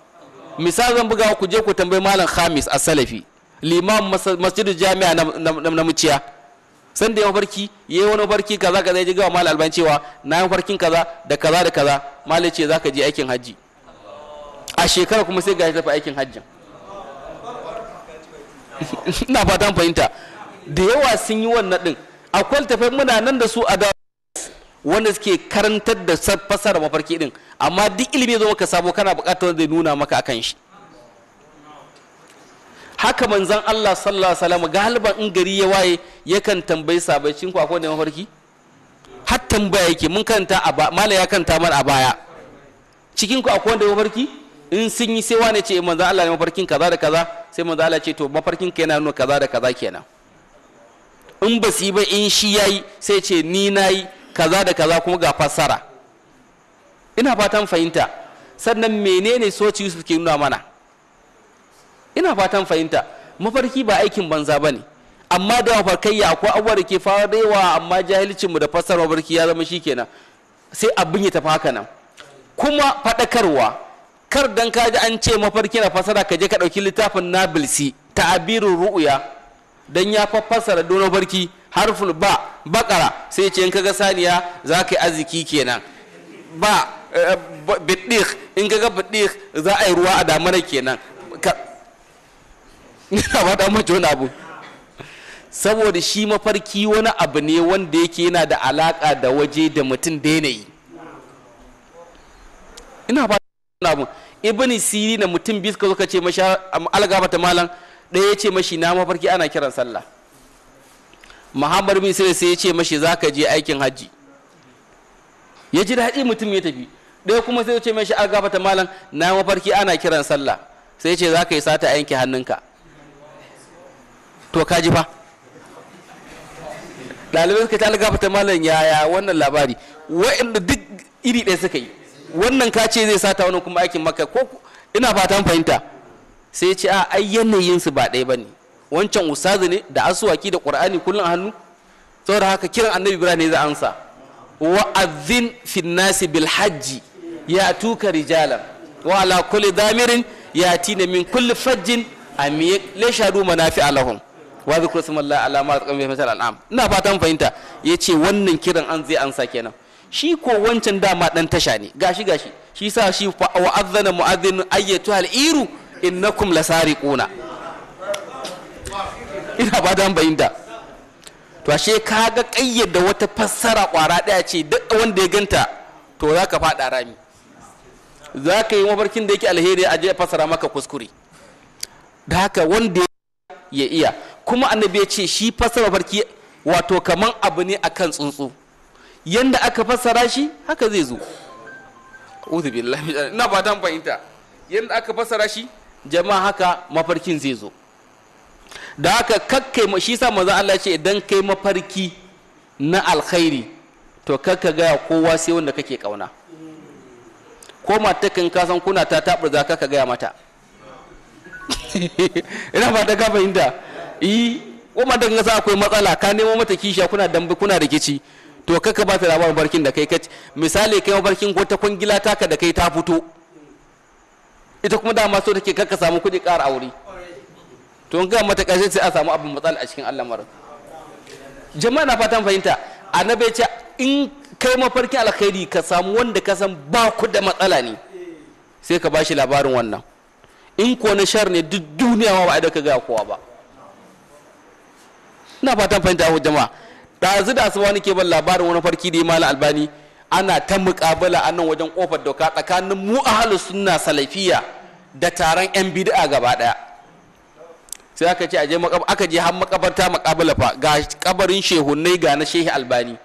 misal zan buga ku je ku tambayi malam khamis a salafi limam masjidu jami'a na muciya san da ya mafarki ya yi wani mafarki kaza kaza ya ji gawa malam alban cewa na yi mafarkin kaza da kaza da kaza malam ce za ka je aikin hajji a shekara kuma sai ga tafi aikin hajjin [laughs] ina fatan fahimta da yawa sun yi wannan ɗin akwai littafai muna nan da su a da wanda suke karantar da fassara mafarki ɗin amma duk ilimi zo maka sabo kana buƙatar wanda nuna maka akan shi haka manzon Allah sallallahu alaihi wasallam galiban in gari ya waye yakan tambayi sabacin ku akwai da mafarki har tambaya yake mun kanta a ba mala ya kanta mana a baya cikin ku akwai wanda mafarki in sun yi sai wane ce eh, manzo Allah ne mafarkin kaza da kaza sai manzo Allah ce to mafarkin ka yana nuna kaza da kaza kenan in ba su yi ba in shi ya yi sai ce ni na yi kaza da kaza kuma ga fassara ina fatan fahimta sannan menene soci yusuf ke nuna mana ina fatan fahimta mafarki ba aikin banza ba ne amma da ya akwai abuwa da ke farewa amma mu da fassara mafarki ya zama shi kenan sai abin ya tafi haka nan kuma faɗakarwa kar dan ka kaji an ce mafarki na fassara ka je ka ɗauki littafin nabilsi ta'abirun ru'uya dan ya faffasa da dono barki harful ba bakara sai ce in kaga saniya za ka yi arziki kenan ba eh, bidik in kaga bidik za a yi ruwa a damar kenan [laughs] ina ba da mace wani abu saboda shi mafarki wani abu ne wanda yake yana da alaka da waje da mutum da yanayi ina ba da wani abu ibn siri na mutum biyu suka ka ce masha algaba ta malam ɗaya ya ce mashi na mafarki ana kiran sallah muhammad bin sai ya ce mashi za ka je aikin hajji ya ji daɗi mutum ya tafi ɗaya kuma sai ya ce mashi an gafata malam na mafarki ana kiran sallah sai ya ce za ka yi sata a yanke hannunka to ka ji fa ɗalibai suka ta gafata malam yaya wannan labari wa'inda duk iri ɗaya suka yi wannan ka ce zai sata wani kuma aikin maka ko ina fatan fahimta sai ya ce a ai su ba ɗaya bane wancan ustazi ne da asuwaki da ƙur'ani kullum hannu saboda haka kiran annabi ibrahim ne za ansa wa azin finnasi bil hajji ya tuka rijalan wa ala damirin ya tina min kulli fajjin amiq la shadu manafi alahum wa zikru smallahi ala ma taqam bi masal al'am ina fatan fahimta yace wannan kiran an zai ansa kenan shi ko wancan dama dan tasha ne gashi gashi shi sa shi wa azana ayyatu al iru innakum lasariquna ina ba dan bayinda to ashe kaga kayyada wata fassara kwara daya ce duk wanda ya ganta to zaka fada rami zaka yi mafarkin da yake alheri a je fassara maka kuskure da haka wanda ya iya kuma annabi ya ce shi fassara farki wato kaman abu ne akan tsuntsu yanda aka fassara shi haka zai zo uzu billahi ina ba dan bayinta. yanda aka fassara shi jama'a haka mafarkin zai zo da haka kakkai shi sa maza Allah ce idan kai mafarki na alkhairi to kakka gaya kowa sai wanda kake kauna ko matakan ka san kuna ta tabar za ka gaya mata [laughs] ina fata ka fahimta yi ko matakan ka akwai matsala ka nemo mata kisha kuna dambe kuna rikici to kakka ba ta labarin barkin da kai misali kai mafarkin ko ta kwangila taka da kai ta fito ita kuma dama so take ka samu kuɗi ƙara aure to in ga mata ƙarshe sai a samu abin matsala a cikin allah mara. jama'a na fatan fahimta annabi ce in kai mafarkin alkhairi ka samu wanda ka san ba ku da matsala ne sai ka bashi labarin wannan in ko na shar ne duk duniya ba a ka ga kowa ba ina fatan fahimta jama'a ɗazu da asuba wani ke ban labarin wani farki da ya mala albani ana ta muƙabala a nan wajen kofar doka tsakanin mu ahalus sunna salafiya da taron yan bid'a gaba ɗaya sai aka ce aje aka je har makabarta makabala fa ga kabarin shehunnai ga na shehi albani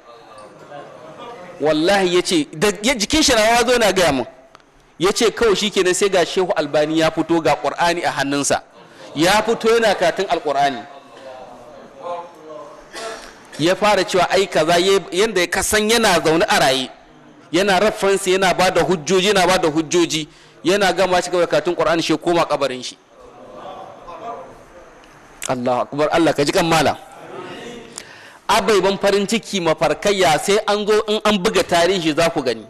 wallahi ya ce jikin shi rawa zo na gaya mu ya ce kawai shikenan sai ga shehu albani ya fito ga ƙur'ani a hannunsa ya fito yana katin alƙur'ani ya fara cewa ai kaza yadda ka san yana zaune a raye yana raffansa yana ba da hujjoji yana ba da hujjoji yana gama shi gaba katun ƙwar'ani shi koma kabarin shi allah akubar Allah ka ji kan mala abaiban farin ciki mafarkayya sai an zo in an buga tarihi za ku gani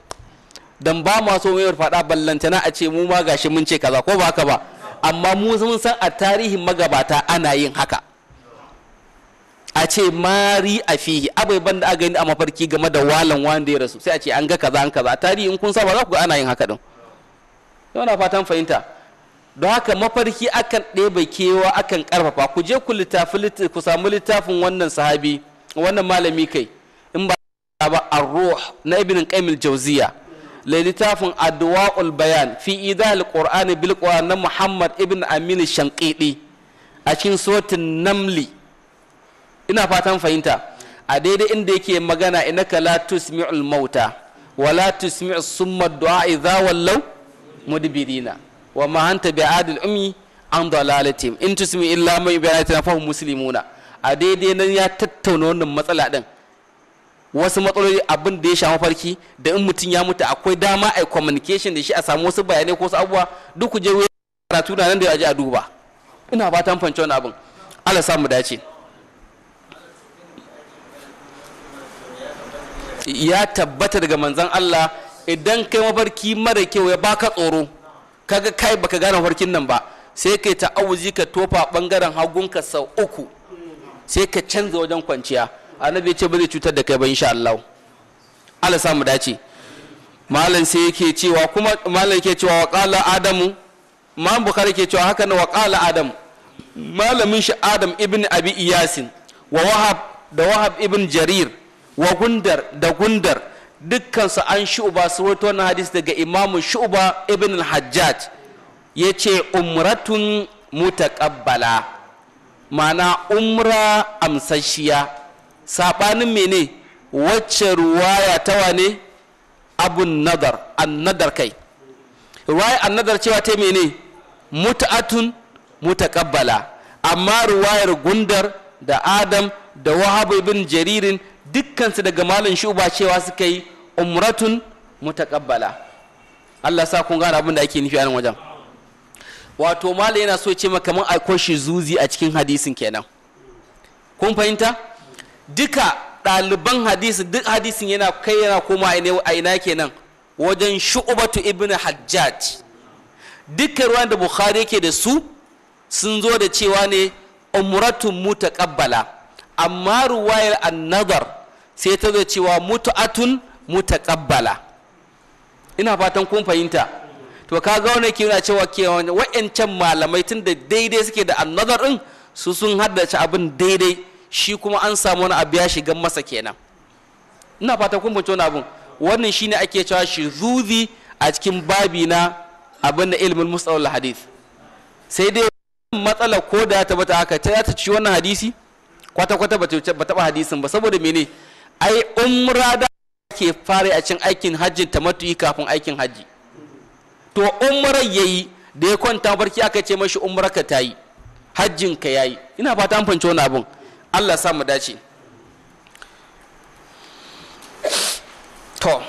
dan ba ma so mai faɗa ballantana a ce mu ma gashi mun ce kaza ko ba haka ba amma mu mun san a tarihin magabata ana yin haka a ce mari a fihi abubuwan da aka yi a mafarki game da walan wanda ya rasu sai a ce an ga kaza an kaza tarihi in kun saba za ku ga ana yin haka din yau na fatan fahimta don haka mafarki akan ɗebe kewa akan karfafa ku je ku littafi ku samu littafin wannan sahabi wannan malami kai in ba ba ar-ruh na ibn qayyim jauziya la littafin adwa'ul bayan fi idal qur'ani bil na muhammad ibin amin shanqidi a cikin sotin namli ina fatan fahimta a daidai inda yake magana innaka la tusmi'ul mauta wa la tusmi'u summa du'a idza wallau mudbirina wa ma anta bi'adil ummi an dalalatim in tusmi illa man yubayyana fahum muslimuna a daidai nan ya tattauna wannan matsala din wasu matsaloli abin da ya sha mafarki da in mutum ya mutu akwai dama a communication da shi a samu wasu bayanai ko wasu abubuwa duk ku je karatu na nan da ya a duba ina fatan fahimci wani abin Allah samu dace ya tabbata daga manzan Allah idan kai mafarki mara kyau ya baka tsoro kaga kai baka gane mafarkin nan ba sai kai ta'awuzi ka tofa bangaren hagunka sau uku sai ka canza wajen kwanciya annabi ce ba zai cutar da kai ba insha Allah Allah samu dace malam sai yake cewa kuma malam yake cewa wa qala adamu imam bukhari yake cewa haka ne wa qala adam malamin shi adam ibn abi iyasin wa wahab da wahab ibn jarir wa gundar da gundar dukkansu an shu'ba su wato wannan hadisi daga imamu shu'ba ibn al-hajjaj yace umratun mutakabbala mana umra amsashiya sabanin mene wacce ruwaya ta wane abun nadar an nadar kai ruwaya an nadar cewa ta mene mut'atun mutakabbala amma ruwayar gundar da adam da wahabu ibn jaririn dukkansu daga malam shuba cewa suka yi umratun mutakabbala Allah sa kun gane abin da ake nufi a nan wajen wato malam yana so ce ma kamar a shi zuzi a cikin hadisin kenan kun fahimta duka ɗaliban hadisi duk hadisin yana kai yana koma a ina kenan wajen shu'ubatu ibnu hajjaj dukkan ruwan da bukhari yake da su sun zo da cewa ne umratun mutakabbala amma ruwayar annadar sai ta zo cewa mutu'atun mutaqabbala ina fatan kun fahimta to ga wani ke yana cewa ke wa'ancan malamai tun da daidai suke da annazar din su sun haddace abin daidai shi kuma an samu wani abu ya shiga masa kenan ina fatan kun fahimta wani abin wannan shine ake cewa shi zuzi a cikin babi na abin da ilmin mustalahul hadith sai dai matsala ko da ta bata haka ta ci wannan hadisi kwata kwata bata taba hadisin ba saboda mene ai umra da ke fara a cikin aikin hajji hajjin tamattu'i kafin aikin hajji to ya yayi da ya kwanta barki aka ce mashi umra ka tayi hajjin ka yayi ina fata an fance wani abun Allah sa mu dace to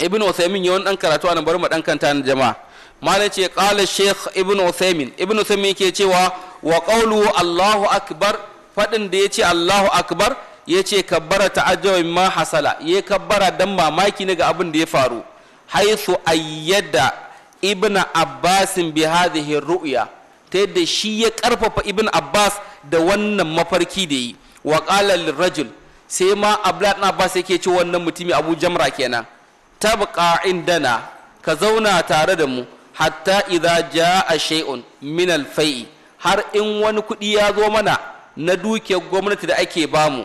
ibn uthaymin yawan dan karatu an bar mu dan kanta na jama'a malai ce qala sheikh ibn uthaymin ibn uthaymin yake cewa wa qawlu Allahu akbar fadin da yace Allahu akbar ya ce kabbara ta'ajjabin ma hasala ya kabbara don mamaki ne ga abin da ya faru haithu ayyada ibn abbasin bi hadhihi ru'ya ta yadda shi ya karfafa ibn abbas da wannan mafarki da yi wa qala rajul sai ma abdullah ibn abbas yake ce wannan mutumi abu jamra kenan tabqa indana ka zauna tare da mu hatta idza jaa shay'un min al har in wani kudi ya zo mana na dukiyar gwamnati da ake bamu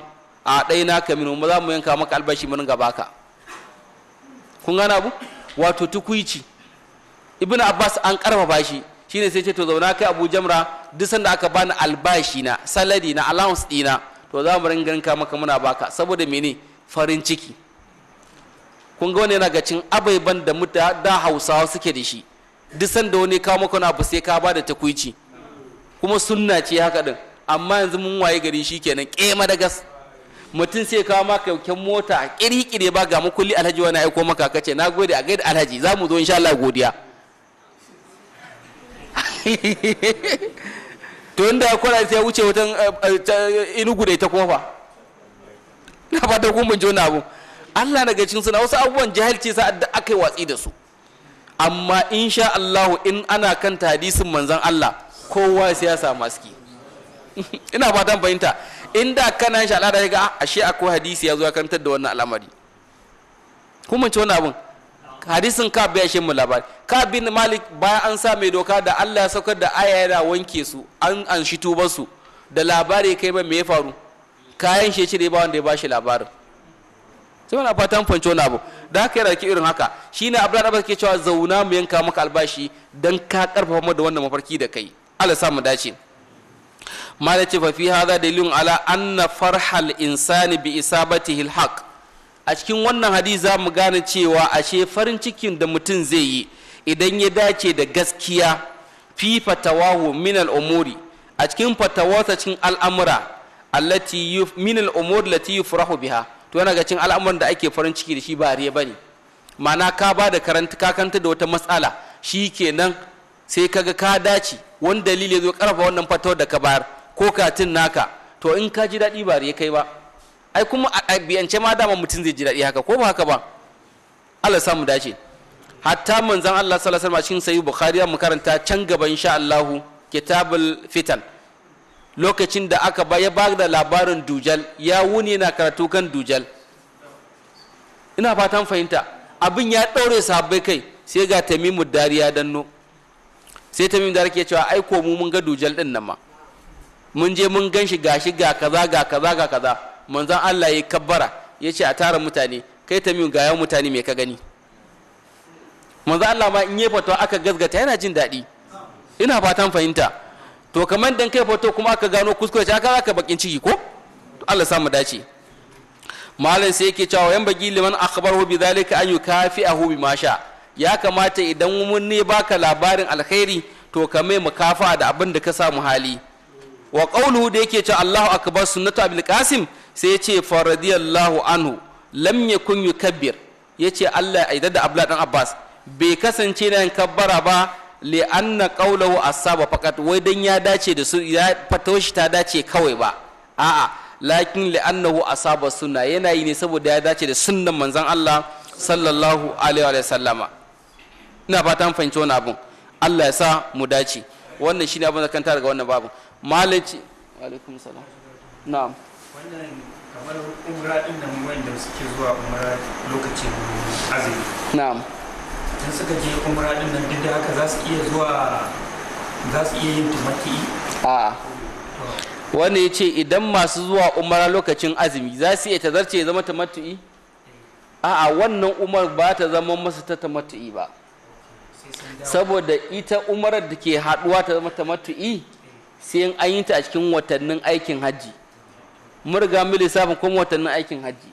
a ɗai naka minu za mu yanka maka albashi mu ringa baka kun gana abu wato tukuici ibnu abbas an karfafa shi shine sai ce to zauna kai abu jamra duk sanda aka bani albashi na saladi na allowance dina to za mu ringa yanka maka muna baka saboda mene farin ciki kun ga wani yana ga cin abaiban da muta da hausawa suke da shi duk sanda wani kawo maka abu sai ka ba da takuici kuma sunna ce haka din amma yanzu mun waye gari shikenan kema da gas mutum sai kawo maka yauken mota kirkire ba ga makulli alhaji wani aiko maka kace na gode a gaida alhaji za mu zo insha Allah godiya [laughs] to inda kwara sai wuce wutan inugu eh, eh, eh, da ita kofa na fata kun bin jona abu Allah na cikin suna wasu abubuwan jahilci sa da aka yi watsi da su amma insha Allah in ana kan tadisin manzon Allah kowa sai ya samu aski ina fatan fahimta inda kana shi al'ada ga ashe akwai hadisi ya zo ya kantar da wannan al'amari kuma ce wannan abun hadisin ka bai shi mu labari ka bin malik bayan an sa mai doka da Allah ya saukar da aya yana wanke su an an shi su da labari kai ba me ya faru kayan shi cire ba wanda ya bashi labarin sai wani fatan fanco na abu da haka yana irin haka shi shine abdul da ke cewa zauna mu yanka maka albashi don ka karfafa mu da wannan mafarki da kai Allah sa mu dace mala ce fa fi hadha dalilun ala anna farhal insani bi isabatihi alhaq a cikin wannan hadisi za mu gane cewa ashe farin cikin da mutum zai yi idan ya dace da gaskiya fi fatawahu min omori a cikin fatawarsa cikin al'amura allati min al'umur lati yufrahu biha to yana ga cikin al'amuran da ake farin ciki da shi ba riya bane ma'ana ka ba da karanta kakanta da wata matsala shi kenan sai kaga ka dace wani dalili ya zo karfa wannan fatawar da ka bayar ko katin naka to in ka ji daɗi ba ya kai ba ai kuma a biyance ma dama mutum zai ji daɗi haka ko ba haka ba Allah samu dace hatta manzon Allah sallallahu alaihi wasallam cikin sahih bukhari mu karanta can gaba insha Allah kitabul fitan lokacin da aka ba ya da labarin dujal ya wuni yana karatu kan dujal ina fatan fahimta abin ya ɗaure sahabbai kai sai ga tamimu dariya danno sai tamimu dariya ke cewa ai ko mu mun ga dujal din nan ma mun je mun gan shi gashi ga kaza ga kaza ga kaza manzon Allah ya kabbara ya ce a tara mutane kai ta ga yawan mutane me ka gani manzon Allah ma in yi fato aka gazgata yana jin daɗi ina fatan fahimta to kamar dan kai fato kuma aka gano kuskure ta aka zaka bakin ciki ko Allah samu dace malam sai yake cewa yan bagi liman akhbaru bi zalika an yukafi'ahu bi masha ya kamata idan mun ne baka labarin alkhairi to ka mai mukafa da abin da ka samu hali wa qawluhu da yake ce Allahu akbar sunnatu abin qasim sai ya ce fa radiyallahu anhu lam yakun yukabbir ce Allah ya da Abdullah dan Abbas bai kasance na yin kabbara ba li anna qawluhu asaba faqat wai dan ya dace da su ya fatoshi ta dace kawai ba a'a lakin li annahu asaba sunna yana yi ne saboda ya dace da sunnan manzon Allah sallallahu alaihi wa sallama ina fatan fahimci wani abun Allah ya sa mu dace wannan shine abin da kan daga wannan babu malici alaikum salam na wannan kamar umra din nan wanda suke zuwa umra lokacin azumi Na. dan suka je umra din nan duk da haka za su iya zuwa za su iya yin tumaki a Wani ya ce idan masu zuwa umara lokacin azumi za su iya tazarce ya zama tamattu'i eh. a'a wannan umar ba ta zama masa ta tamattu'i ba saboda ita umarar da ke haduwa ta zama tamattu'i sai an yi ta a cikin watannin aikin hajji mun riga mu lissafin kuma watannin aikin hajji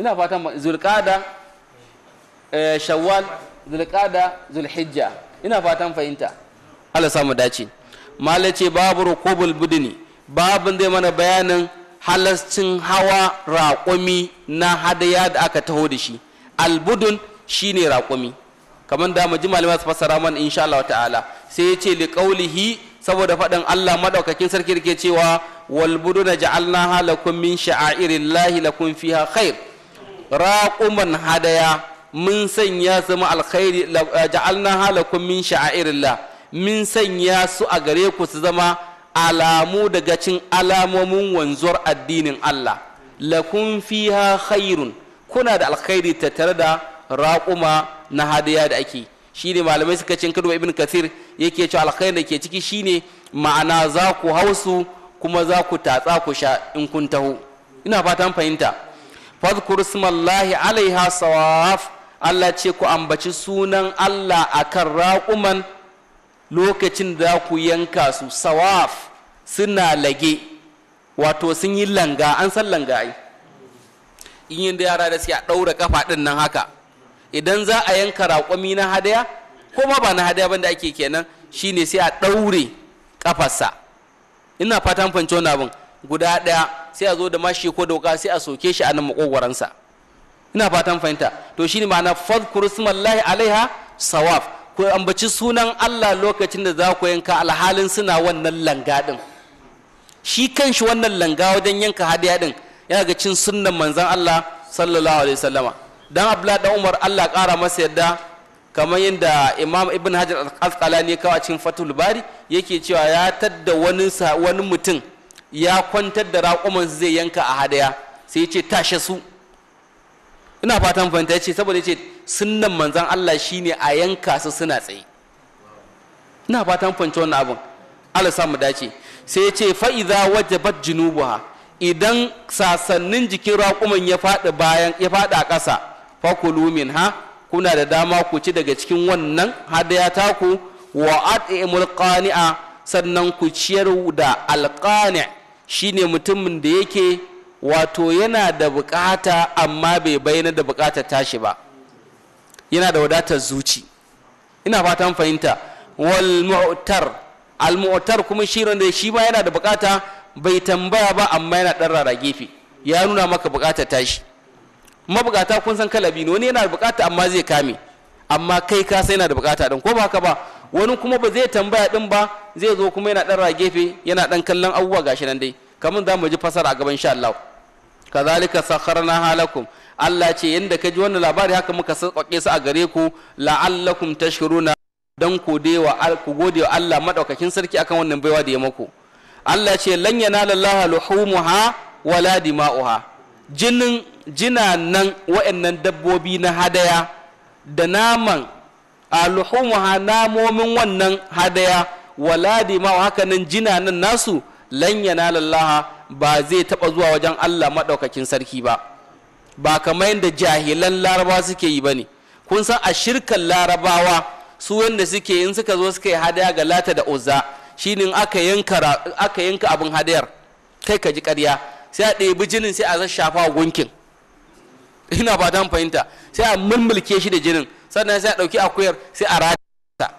ina fatan zulqada eh, shawwal zulqada zulhijja ina fatan fahimta Allah samu dace malai ce babu rukubul budini babu zai mana bayanin halascin hawa raƙumi na hadaya da aka taho da shi albudun shine raƙumi kamar da mu ji malama su fassara mana insha Allah ta'ala sai ya ce liqaulihi saboda faɗin Allah maɗaukakin sarki da ke cewa na ja'alna halakum min sha'airillahi lakum fiha khair raquman hadaya mun sanya su mu alkhairi eh, ja'alna min min sanya su a gare ku su zama alamu daga cin alamomin wanzuwar addinin Allah lakum fiha khairun kuna da alkhairi tattare da raƙuma na hadaya da ake shi ne malamai suka cin kadwa ibn kathir yake cewa alkhairin da ke ciki shine ma'ana za ku hau su kuma za ku tatsa ku sha in kun taho ina fatan fahimta fadkur smallahi alaiha sawaf Allah ce ku ambaci sunan Allah akan raƙuman lokacin da ku yanka su sawaf suna lage wato sun yi langa an san langa ai in yin da yara da suke ɗaura kafa ɗin nan haka idan za a yanka raƙumi na hadaya ko ma ba na hadaya ban da ake kenan shine sai a ɗaure ƙafarsa ina fatan fahimci wani abin guda ɗaya sai a zo da mashi ko da wuka sai a soke shi a nan makogwaransa ina fatan fahimta to shine ma'ana fadkur smallahi alaiha sawaf ku ambaci sunan Allah lokacin da za ku yanka alhalin suna wannan langa din shi kanshi wannan langa wajen yanka hadiya din yana ga cin sunnan manzon Allah sallallahu alaihi wasallama dan Abdullah da Umar Allah ƙara masa yadda kamar yadda imam ibn hajar al-asqalani kawo a cikin fatul bari yake cewa ya tadda wani wani mutum ya kwantar da raƙuman zai yanka a hadaya sai ya ce tashe su ina fatan fahimta ya ce saboda ya ce sunnan manzan Allah shine a yanka su suna tsaye ina fatan fahimta wannan abin Allah samu dace sai ya ce fa'iza wajabat junubuha idan sasannin jikin raƙuman ya faɗi bayan ya faɗi a ƙasa fakulu min ha kuna da dama ku ci daga cikin wannan hadaya taku wa at'imul qani'a sannan ku ciyar da alqani shine mutumin da yake wato yana da bukata amma bai bayyana da bukatar tashi ba yana da wadatar zuci ina fatan fahimta wal mu'tar al mu'tar kuma shi da shi ba yana da bukata bai tambaya ba amma yana dan rara gefe ya nuna maka bukatar tashi mabukata kun san kalabi ne wani yana da bukata amma zai kame amma kai ka sai yana da bukata din ko ba ka ba wani kuma ba zai tambaya din ba zai zo kuma yana dan gefe yana dan kallon abubuwa gashi nan dai kamar za mu ji fasara a gaban insha Allah kazalika sakharna halakum Allah ce yanda ka ji wannan labari haka muka sauke su a gare ku la'allakum tashkuruna dan ku dewa ku gode wa Allah madaukakin sarki akan wannan baiwa da ya muku Allah ce lan yanala Allah luhumuha wala dima'uha jinin jinanan wa'annan dabbobi na hadaya da naman aluhumuha namomin wannan hadaya wala nan jina nan nasu lanyana lallaha ba zai taba zuwa wajen Allah madaukakin sarki ba ba kamar yadda jahilan larabawa suke yi bane kun san a shirkan larabawa su wanda suke in suka zo suka yi hadaya ga lata da uzza shine aka yanka aka yanka abin hadayar kai ka ji ƙarya sai a ɗebi jinin sai a shafa a gunkin ina ba ta fahimta sai a mulmulke shi da jinin sannan sai a ɗauki akuyar sai a rata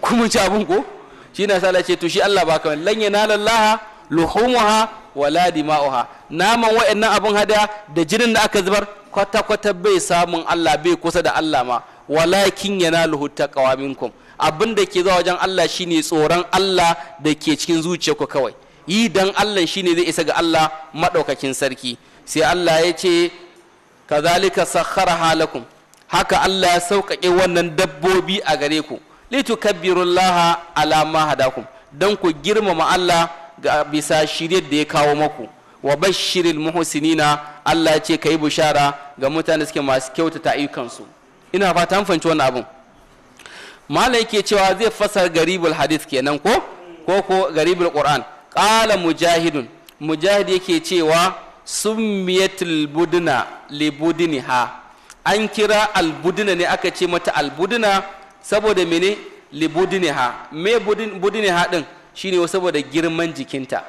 kuma ci abin ko shi na sala ce to shi Allah ba kamar lan yanala lallaha luhumuha wala dima'uha naman wa'annan abin hada da jinin da aka zubar kwata kwata bai samun Allah bai kusa da Allah ma walakin yana taqwa ku. abin da ke zuwa wajen Allah shine tsoron Allah da ke cikin zuciyarku kawai yi dan Allah shine zai isa ga Allah madaukakin sarki sai Allah ya ce kazalika sakhara halakum haka Allah ya sauƙaƙe wannan dabbobi a gare ku litukabbirullaha ala ma hadakum dan ku girmama Allah ga bisa shiryar da ya kawo maku wa bashiril muhsinina Allah ya ce kai bushara ga mutane suke masu kyautata ayyukansu ina fata an fahimci wannan abun malai ke cewa zai fasar garibul hadith kenan ko ko ko garibul qur'an ƙala mujahidun mujahid yake cewa summiyatul buduna li ha an kira albuduna ne aka ce mata albuduna saboda mene li ha me buduniha din shine saboda girman jikinta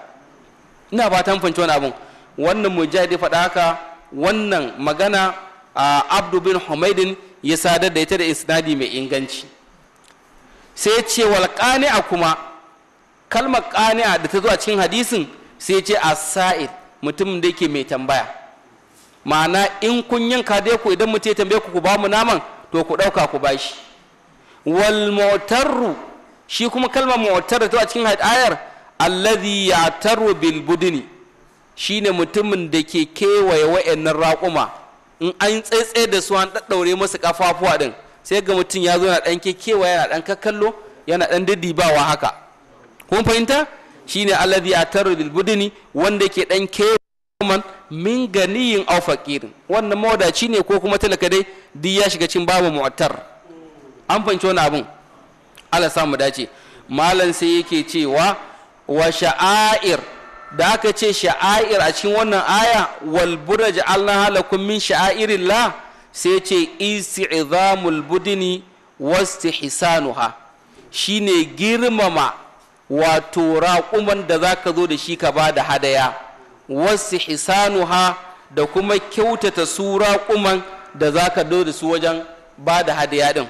ina fatan ta fahimci wani abun wannan mujahid ya faɗa haka wannan magana a abdu bin humaidin ya sadar da ita da isnadi mai inganci sai ce walƙani a kuma kalmar ƙani'a da ta zo cikin hadisin sai ce a sa'id mutumin da yake mai tambaya ma'ana in kun yanka dai ku idan mutum ya tambaye ku ku ba mu naman to ku ɗauka ku bashi wal motarru shi kuma kalmar motar da ta a cikin ayar allazi taru bil budni shine mutumin da ke kewaye wa'annan raƙuma in an tsaitsaye da su an ɗaɗɗaure masu kafafuwa ɗin, sai ga mutum ya zo na ɗan kekewa, yana ɗan kakkallo yana ɗan diddibawa haka kun fahimta shine alladhi ataru bil budini wanda ke dan keman min ganiyin aw faqirin wannan mawadaci ne ko kuma talaka dai duk ya shiga cin babu mu'attar an fahimci wani abun Allah sa mu dace malam sai yake cewa wa sha'air da aka ce sha'air a cikin wannan aya wal buraj Allah halakum min sha'airillah sai ce isti'zamul budini wastihsanuha shine girmama wato raƙuman da za ka zo da shi ka ba da hadaya wasu hisanuha da kuma kyautata su raƙuman da za ka zo da su wajen ba da hadaya ɗin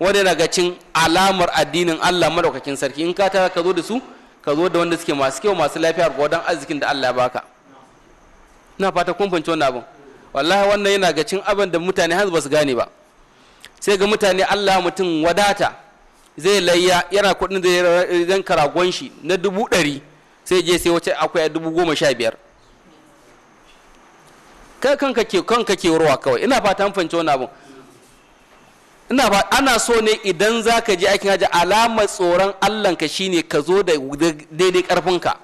wanda daga cin alamar addinin allah maɗaukakin sarki in ka tara ka zo da su ka zo da wanda suke masu kyau masu lafiya gwadon arzikin da allah ya baka ina fata kun fahimci wannan abin wallahi wannan yana ga cin abin da mutane har ba su gane ba sai ga mutane allah mutum wadata zai layya yana kudin zai zan karagon shi na dubu ɗari sai je sai wace akwai a dubu goma sha biyar kai kanka ke kanka ke warwa kawai ina fata an fahimci wani abu ina ba ana so ne idan za ka je aikin haji alamar tsoron ka shine ka zo da daidai karfinka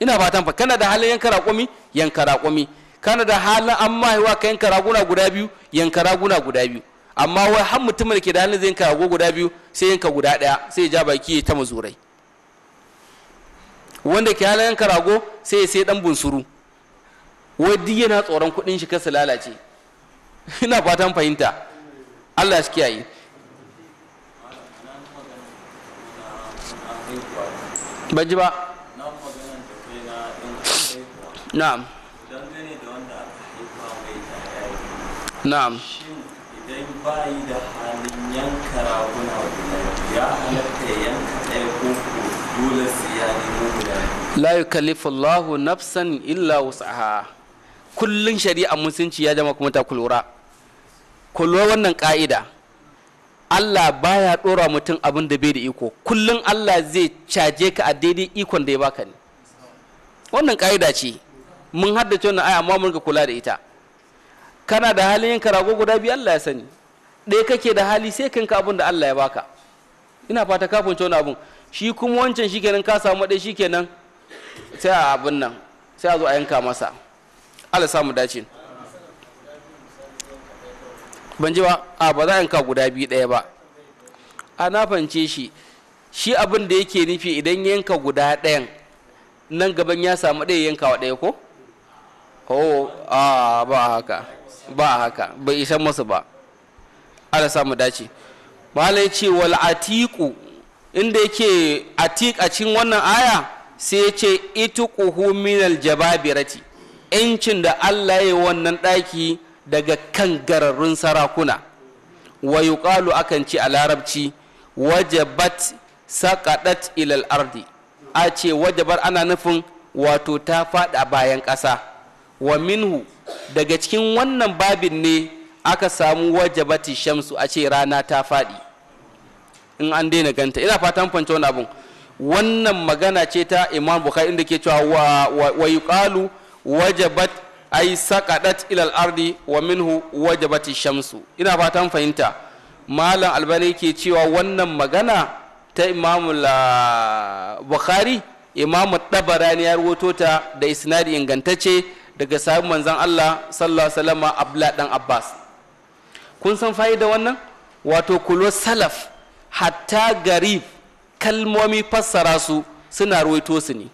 ina fatan fa kana da halin yanka raƙumi yanka raƙumi kana da halin an mahaiwa ka yanka raguna guda biyu yanka raguna guda biyu amma wai har mutumin da ke da hannun zai yanka rago guda biyu sai yanka guda ɗaya sai ya ja baki ya ta mazurai wanda ke hannun yanka rago sai ya sai ɗan bunsuru wai duk yana tsoron kuɗin shi kasa lalace [laughs] ina fatan fahimta allah shi kiyaye ban ba na'am na'am bayi da halin yanka raguna ya halatta yanka ɗaya ko dole su ya nemo guda la yukallifu Allahu nafsan illa wus'aha kullun shari'a musulunci ya jama kuma ta kulura kulura wannan ka'ida Allah baya ɗora mutum abin da bai da iko kullun Allah zai caje ka a daidai ikon da ya baka ne wannan ka'ida ce mun haddace wannan aya amma mun ga kula da ita kana da halin yin karago guda biyu Allah ya sani ɗaya kake da hali sai kanka abin da Allah ya baka ina fata kafin cewa abin abun shi kuma wancan shikenan ka samu ɗaya shikenan sai a abin nan sai a zo a yanka masa Allah samu dace ban ji ba a ba za a yanka guda biyu ɗaya ba a na fahimce shi shi abin da yake nufi idan yanka guda ɗayan nan gaban ya samu ɗaya yanka wa ɗaya ko? oh a ba haka ba haka bai isan masu ba ala samu dace malai ce wal atiku inda yake atik a cikin wannan aya sai ya ce ituquhu al jababirati incin da Allah ya wannan daki daga kan gararrun sarakuna wa yuqalu akan ci a larabci wajabat saqadat ilal ardi a ce wajabar ana nufin wato ta fada bayan ƙasa wa minhu daga cikin wannan babin ne aka samu wajabati shamsu a ce rana ta faɗi in an daina ganta ina fatan fanci wani abun wannan magana ce ta imam bukhari inda ke cewa wa yuqalu wajabat ay saqadat ila al-ardi wa minhu wajabati shamsu ina fatan fahimta malam albani ke cewa wannan magana ta imam ah, bukhari imam tabarani ya rawato ta da isnadi ingantacce daga sahibin manzon Allah sallallahu alaihi wasallam Abdullah dan Abbas kun san fa'ida wannan wato kulo salaf hatta garib kalmomi fassara su suna ruwaito su ne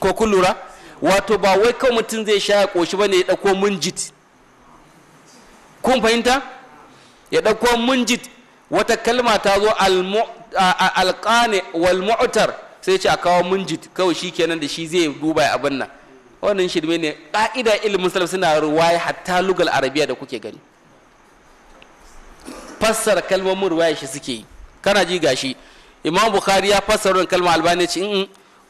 ko kun lura wato ba wai kawai mutum zai sha ya koshi ba ne ya ɗauko munjit kun fahimta ya ɗauko munjit wata kalma ta zo alƙane wal mu'tar sai ce a kawo munjit kawai shi kenan da shi zai duba ya abin nan wannan shirme ne ƙa'ida ilimin salaf suna ruwaya hatta lugal arabiya da kuke gani fassara kalmomin ruwaya shi suke yi kana ji gashi imam bukhari ya fassara wannan kalma albani ce in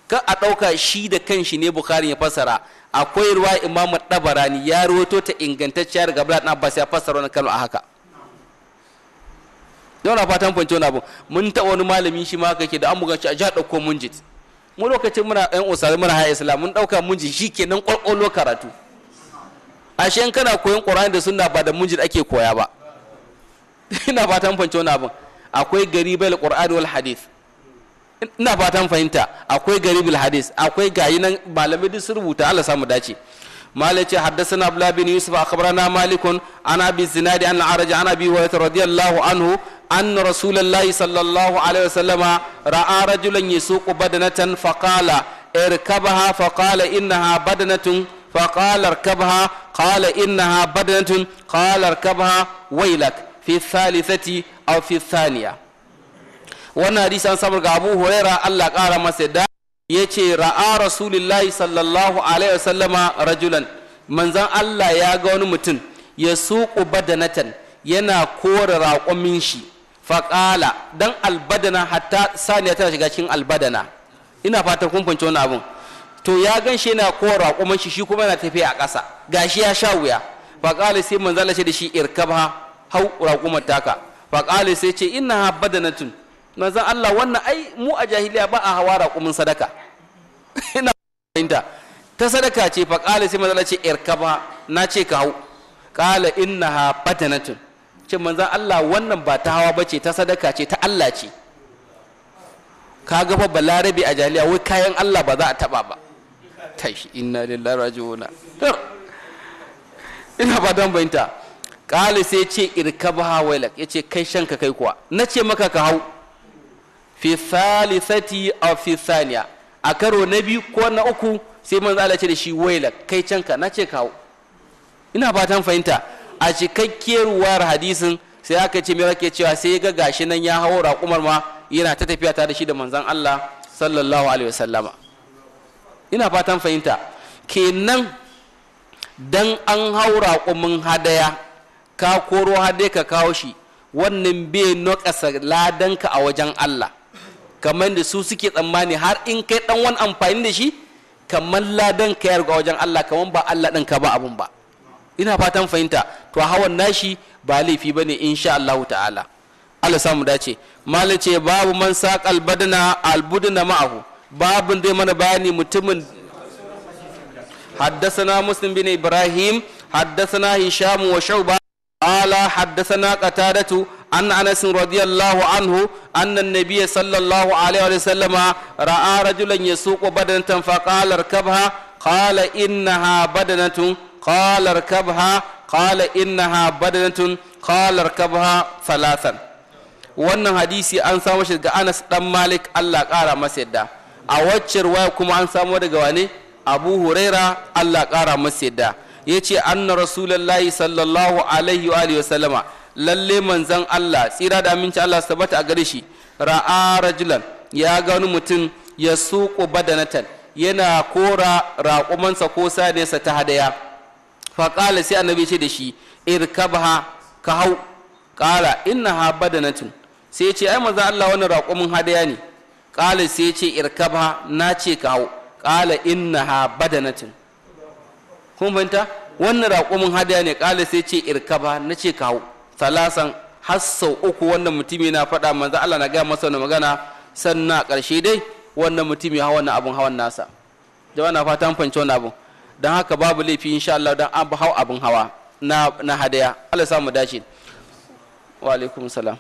ka a ɗauka shi da kanshi ne bukhari ya fassara akwai ruwa imam dabarani ya rawaito ta ingantacciya daga abdullahi abbas ya fassara wannan kalma a haka don na fatan fahimci wani abu mun taɓa wani malami shi ma kake da an shi a jihar ɗauko munjit mu lokacin muna ɗan usari muna haya islam mun ɗauka munjit shi ke nan ƙwarƙwalo karatu ashe in kana koyon ƙwarani da sunna ba da munjit ake koya ba ina fatan fahimci wani abin akwai garibal qur'an wal hadith ina fatan fahimta akwai garibul hadith akwai gayi nan malamai duk sun rubuta Allah samu dace مالك حدثنا عبد بن يوسف اخبرنا مالك عن ابي الزناد عن عرج عن ابي هريره رضي الله عنه ان رسول الله صلى الله عليه وسلم راى رجلا يسوق بدنه فقال اركبها فقال انها بدنه فقال اركبها قال انها بدنه قال اركبها ويلك fi thalithati aw fi thaniya wannan hadisi an sabar ga Abu Huraira Allah kara masa da yace ra'a rasulullahi sallallahu alaihi wasallama rajulan manzon Allah ya ga wani mutum ya suku badanatan yana kore raƙumin shi faƙala dan albadana hatta saniya tana shiga cikin albadana ina fatan kun fahimci wani abun to ya gan yana kore raƙumin shi shi kuma yana tafiya a ƙasa gashi ya sha wuya faƙala sai manzon Allah ce da shi irkabha hau raƙumar taka faƙali sai ce inna badanatun manzon Allah wannan ai mu a jahiliya ba a hawa raƙumin sadaka [laughs] ina fahimta ta sadaka ce faƙali sai manzon ce irka ba na ce ka hau qala innaha badanatun ce manzon Allah wannan ba ta hawa bace ta sadaka ce ta Allah ce ka ga fa balarabi a jahiliya wai kayan Allah ba za a taba ba tashi inna lillahi raji'una [laughs] ina ba dan bayinta ƙali sai ce irka ba hawailak ya ce kai shanka kai kuwa na ce maka ka hau fi thalithati a fi saniya a karo na biyu ko na uku sai man Allah ce da shi waila kai canka na ce ka hau ina fatan fahimta a cikakkiyar ruwar hadisin sai aka ce mai rake cewa sai ga gashi nan ya hau raƙumar ma yana ta tafiya tare da shi da manzan Allah sallallahu alaihi wasallama ina fatan fahimta kenan dan an hau raƙumin hadaya ka koro har dai ka kawo shi wannan bai nakasa ladanka a wajen Allah kamar da su suke tsammani har in kai dan wani amfani da shi kamar ladan ka yarga wajen Allah kamar ba Allah din ka ba abun ba ina fatan fahimta to hawan nashi ba laifi bane insha Allah ta'ala Allah samu dace malai ce babu man saqal badana albudna ma'ahu babun dai mana bayani mutumin حدثنا Ibrahim, بن ابراهيم حدثنا هشام وشوبه قال حدثنا قتادة عن أنس رضي الله عنه أن النبي صلى الله عليه وسلم رأى رجلا يسوق بدنة فقال اركبها قال إنها بدنة قال اركبها قال إنها بدنة قال اركبها ثلاثا wannan hadisi an samu shi daga Anas dan Malik Allah ƙara masa yadda a wacce ruwaya kuma an samu daga wane Abu Huraira Allah ƙara masa yadda ya ce anna rasulallahi sallallahu alaihi wa alihi wasallama lalle manzan Allah tsira da aminci Allah su tabbata a gare shi ra'a rajulan ya ga wani mutum ya suku badanatan yana kora raƙumansa ko saniyarsa ta hadaya faƙala sai annabi ce da shi irkabha ka hau ƙala innaha badanatun sai ce ai manzan Allah wannan raƙumin hadaya ne ƙala sai ce irkabha na ce ka hau ƙala innaha badanatun kun fahimta wannan raƙumin hadaya ne ƙala sai ce irkaba na ce kawo salasan har sau uku wannan mutumi na faɗa manzo Allah na gaya masa magana sannan a ƙarshe dai wannan mutumi hawa wannan abun hawan nasa jama'a na fata an fahimci wannan abun don haka babu laifi insha Allah dan an hau abun hawa na na hadaya Allah samu dace wa alaikum salam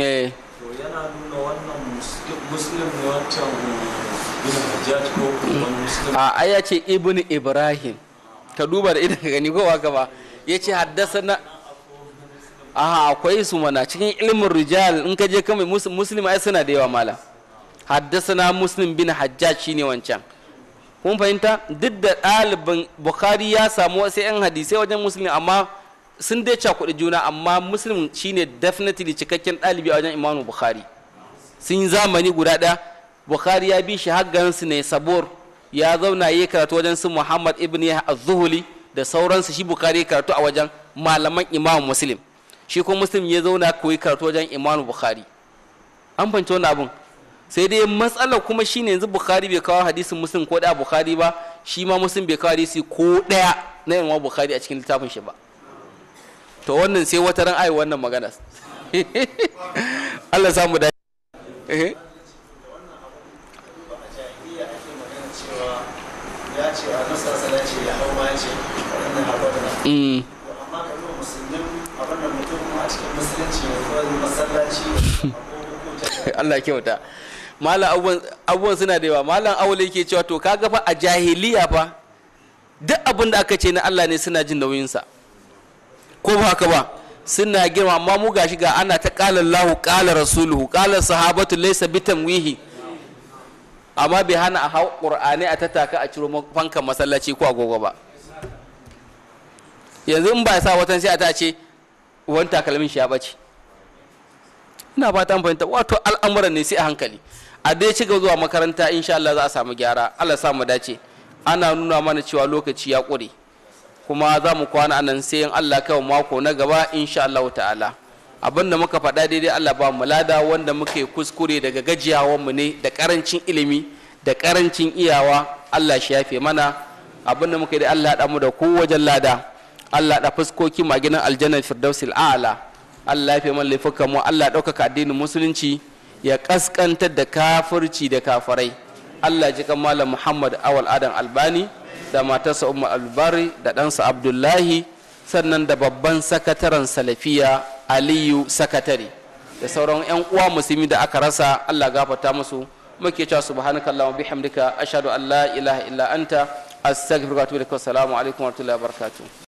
eh to yana nuna wannan muslim ne wancan a aya ce ibn ibrahim ka duba da idan ka gani ko gaba ba ya ce haddasa na aha akwai su mana cikin ilimin rijal in ka je kamar muslim ai suna da yawa mala haddasa na muslim bin hajjaj shine wancan kun fahimta duk da ɗalibin bukhari ya samu wasu 'yan hadisai wajen muslim amma sun dai cakuɗi juna amma muslim shine definitely cikakken ɗalibi a wajen imanin bukhari sun yi zamani guda ɗaya bukhari ya bi shi haggansu ne sabor ya zauna yi karatu wajen su muhammad ibn az-zuhuli da sauransu shi bukhari karatu a wajen malaman imam muslim shi kuma muslim ya zauna koyi karatu wajen imam bukhari an fahimci wani abun sai dai matsalar kuma shine yanzu bukhari bai kawo hadisin muslim ko daya bukhari ba shi ma muslim bai kawo hadisi ko daya na imam bukhari a cikin littafin shi ba to wannan sai wata ran ayi wannan magana [laughs] Allah samu da Mm. a [laughs] kyauta malam abubuwan suna da yawa malam aule ke cewa to kaga fa a jahiliya fa duk abin da aka ce na Allah ne suna jin nauyinsa ko ba haka ba suna girma amma mu gashi ga ana ta kalallahu lahu rasuluhu kala sahabatu laysa bitamwihi amma bai hana a hau ƙur'ani a tattaka a ciro fankan masallaci ko agogo ba yanzu in ba sa watan sai a ta ce wani takalmin shi ya bace ina ba ta fahimta wato al'amuran ne sai a hankali a dai ci zuwa makaranta insha Allah za a samu gyara Allah sa mu dace ana nuna mana cewa lokaci ya ƙure kuma za mu kwana nan sai in Allah kawo mako na gaba insha Allah ta'ala abin da muka faɗa daidai Allah ba mu lada wanda muke kuskure daga gajiyawan mu ne da karancin ilimi da karancin iyawa Allah shi yafe mana abin da muka yi da Allah da mu da ku wajen lada Allah da fuskoki mu a gidan aljannar firdausil al'ala Allah yafe mana laifuka mu Allah ɗaukaka addinin musulunci ya kaskantar da kafirci da kafarai Allah ji kan malam Muhammad awal adan albani da matarsa umma albari da ɗansa abdullahi sannan da babban sakataren salafiya aliyu sakatare da sauran yan uwa musulmi da aka rasa allah gafata musu muke cewa subhanakallah wa bihamdika ashhadu an allah ilaha illa anta astaghfiruka wa atubu alaikum wa rahmatullahi wa barakatuh